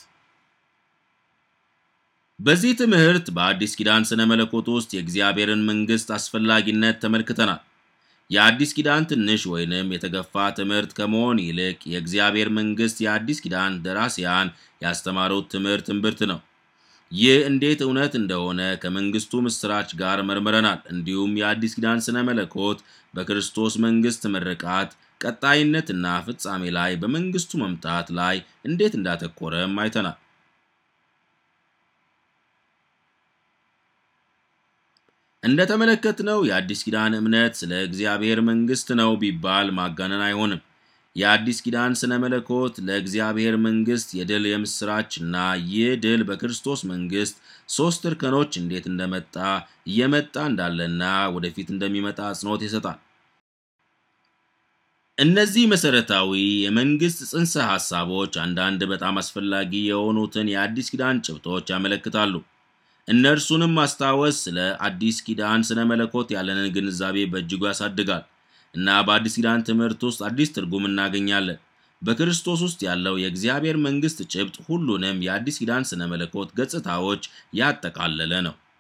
በዚህ ትምህርት በአዲስ ኪዳን ስነ መለኮት ውስጥ የእግዚአብሔርን መንግሥት አስፈላጊነት ተመልክተናል። የአዲስ ኪዳን ትንሽ ወይንም የተገፋ ትምህርት ከመሆን ይልቅ የእግዚአብሔር መንግሥት የአዲስ ኪዳን ደራሲያን ያስተማሩት ትምህርት እምብርት ነው። ይህ እንዴት እውነት እንደሆነ ከመንግሥቱ ምስራች ጋር መርምረናል። እንዲሁም የአዲስ ኪዳን ስነ መለኮት በክርስቶስ መንግሥት ምርቃት፣ ቀጣይነትና ፍጻሜ ላይ በመንግሥቱ መምጣት ላይ እንዴት እንዳተኮረም አይተናል። እንደተመለከትነው የአዲስ ኪዳን እምነት ስለ እግዚአብሔር መንግሥት ነው ቢባል ማጋነን አይሆንም። የአዲስ ኪዳን ስነ መለኮት ለእግዚአብሔር መንግሥት የድል የምሥራች እና ይህ ድል በክርስቶስ መንግሥት ሦስት እርከኖች እንዴት እንደመጣ እየመጣ እንዳለና ወደፊት እንደሚመጣ አጽንኦት ይሰጣል። እነዚህ መሠረታዊ የመንግሥት ጽንሰ ሐሳቦች አንዳንድ በጣም አስፈላጊ የሆኑትን የአዲስ ኪዳን ጭብጦች ያመለክታሉ። እነርሱንም ማስታወስ ስለ አዲስ ኪዳን ስነ መለኮት ያለንን ግንዛቤ በእጅጉ ያሳድጋል እና በአዲስ ኪዳን ትምህርት ውስጥ አዲስ ትርጉም እናገኛለን። በክርስቶስ ውስጥ ያለው የእግዚአብሔር መንግሥት ጭብጥ ሁሉንም የአዲስ ኪዳን ስነ መለኮት ገጽታዎች ያጠቃለለ ነው።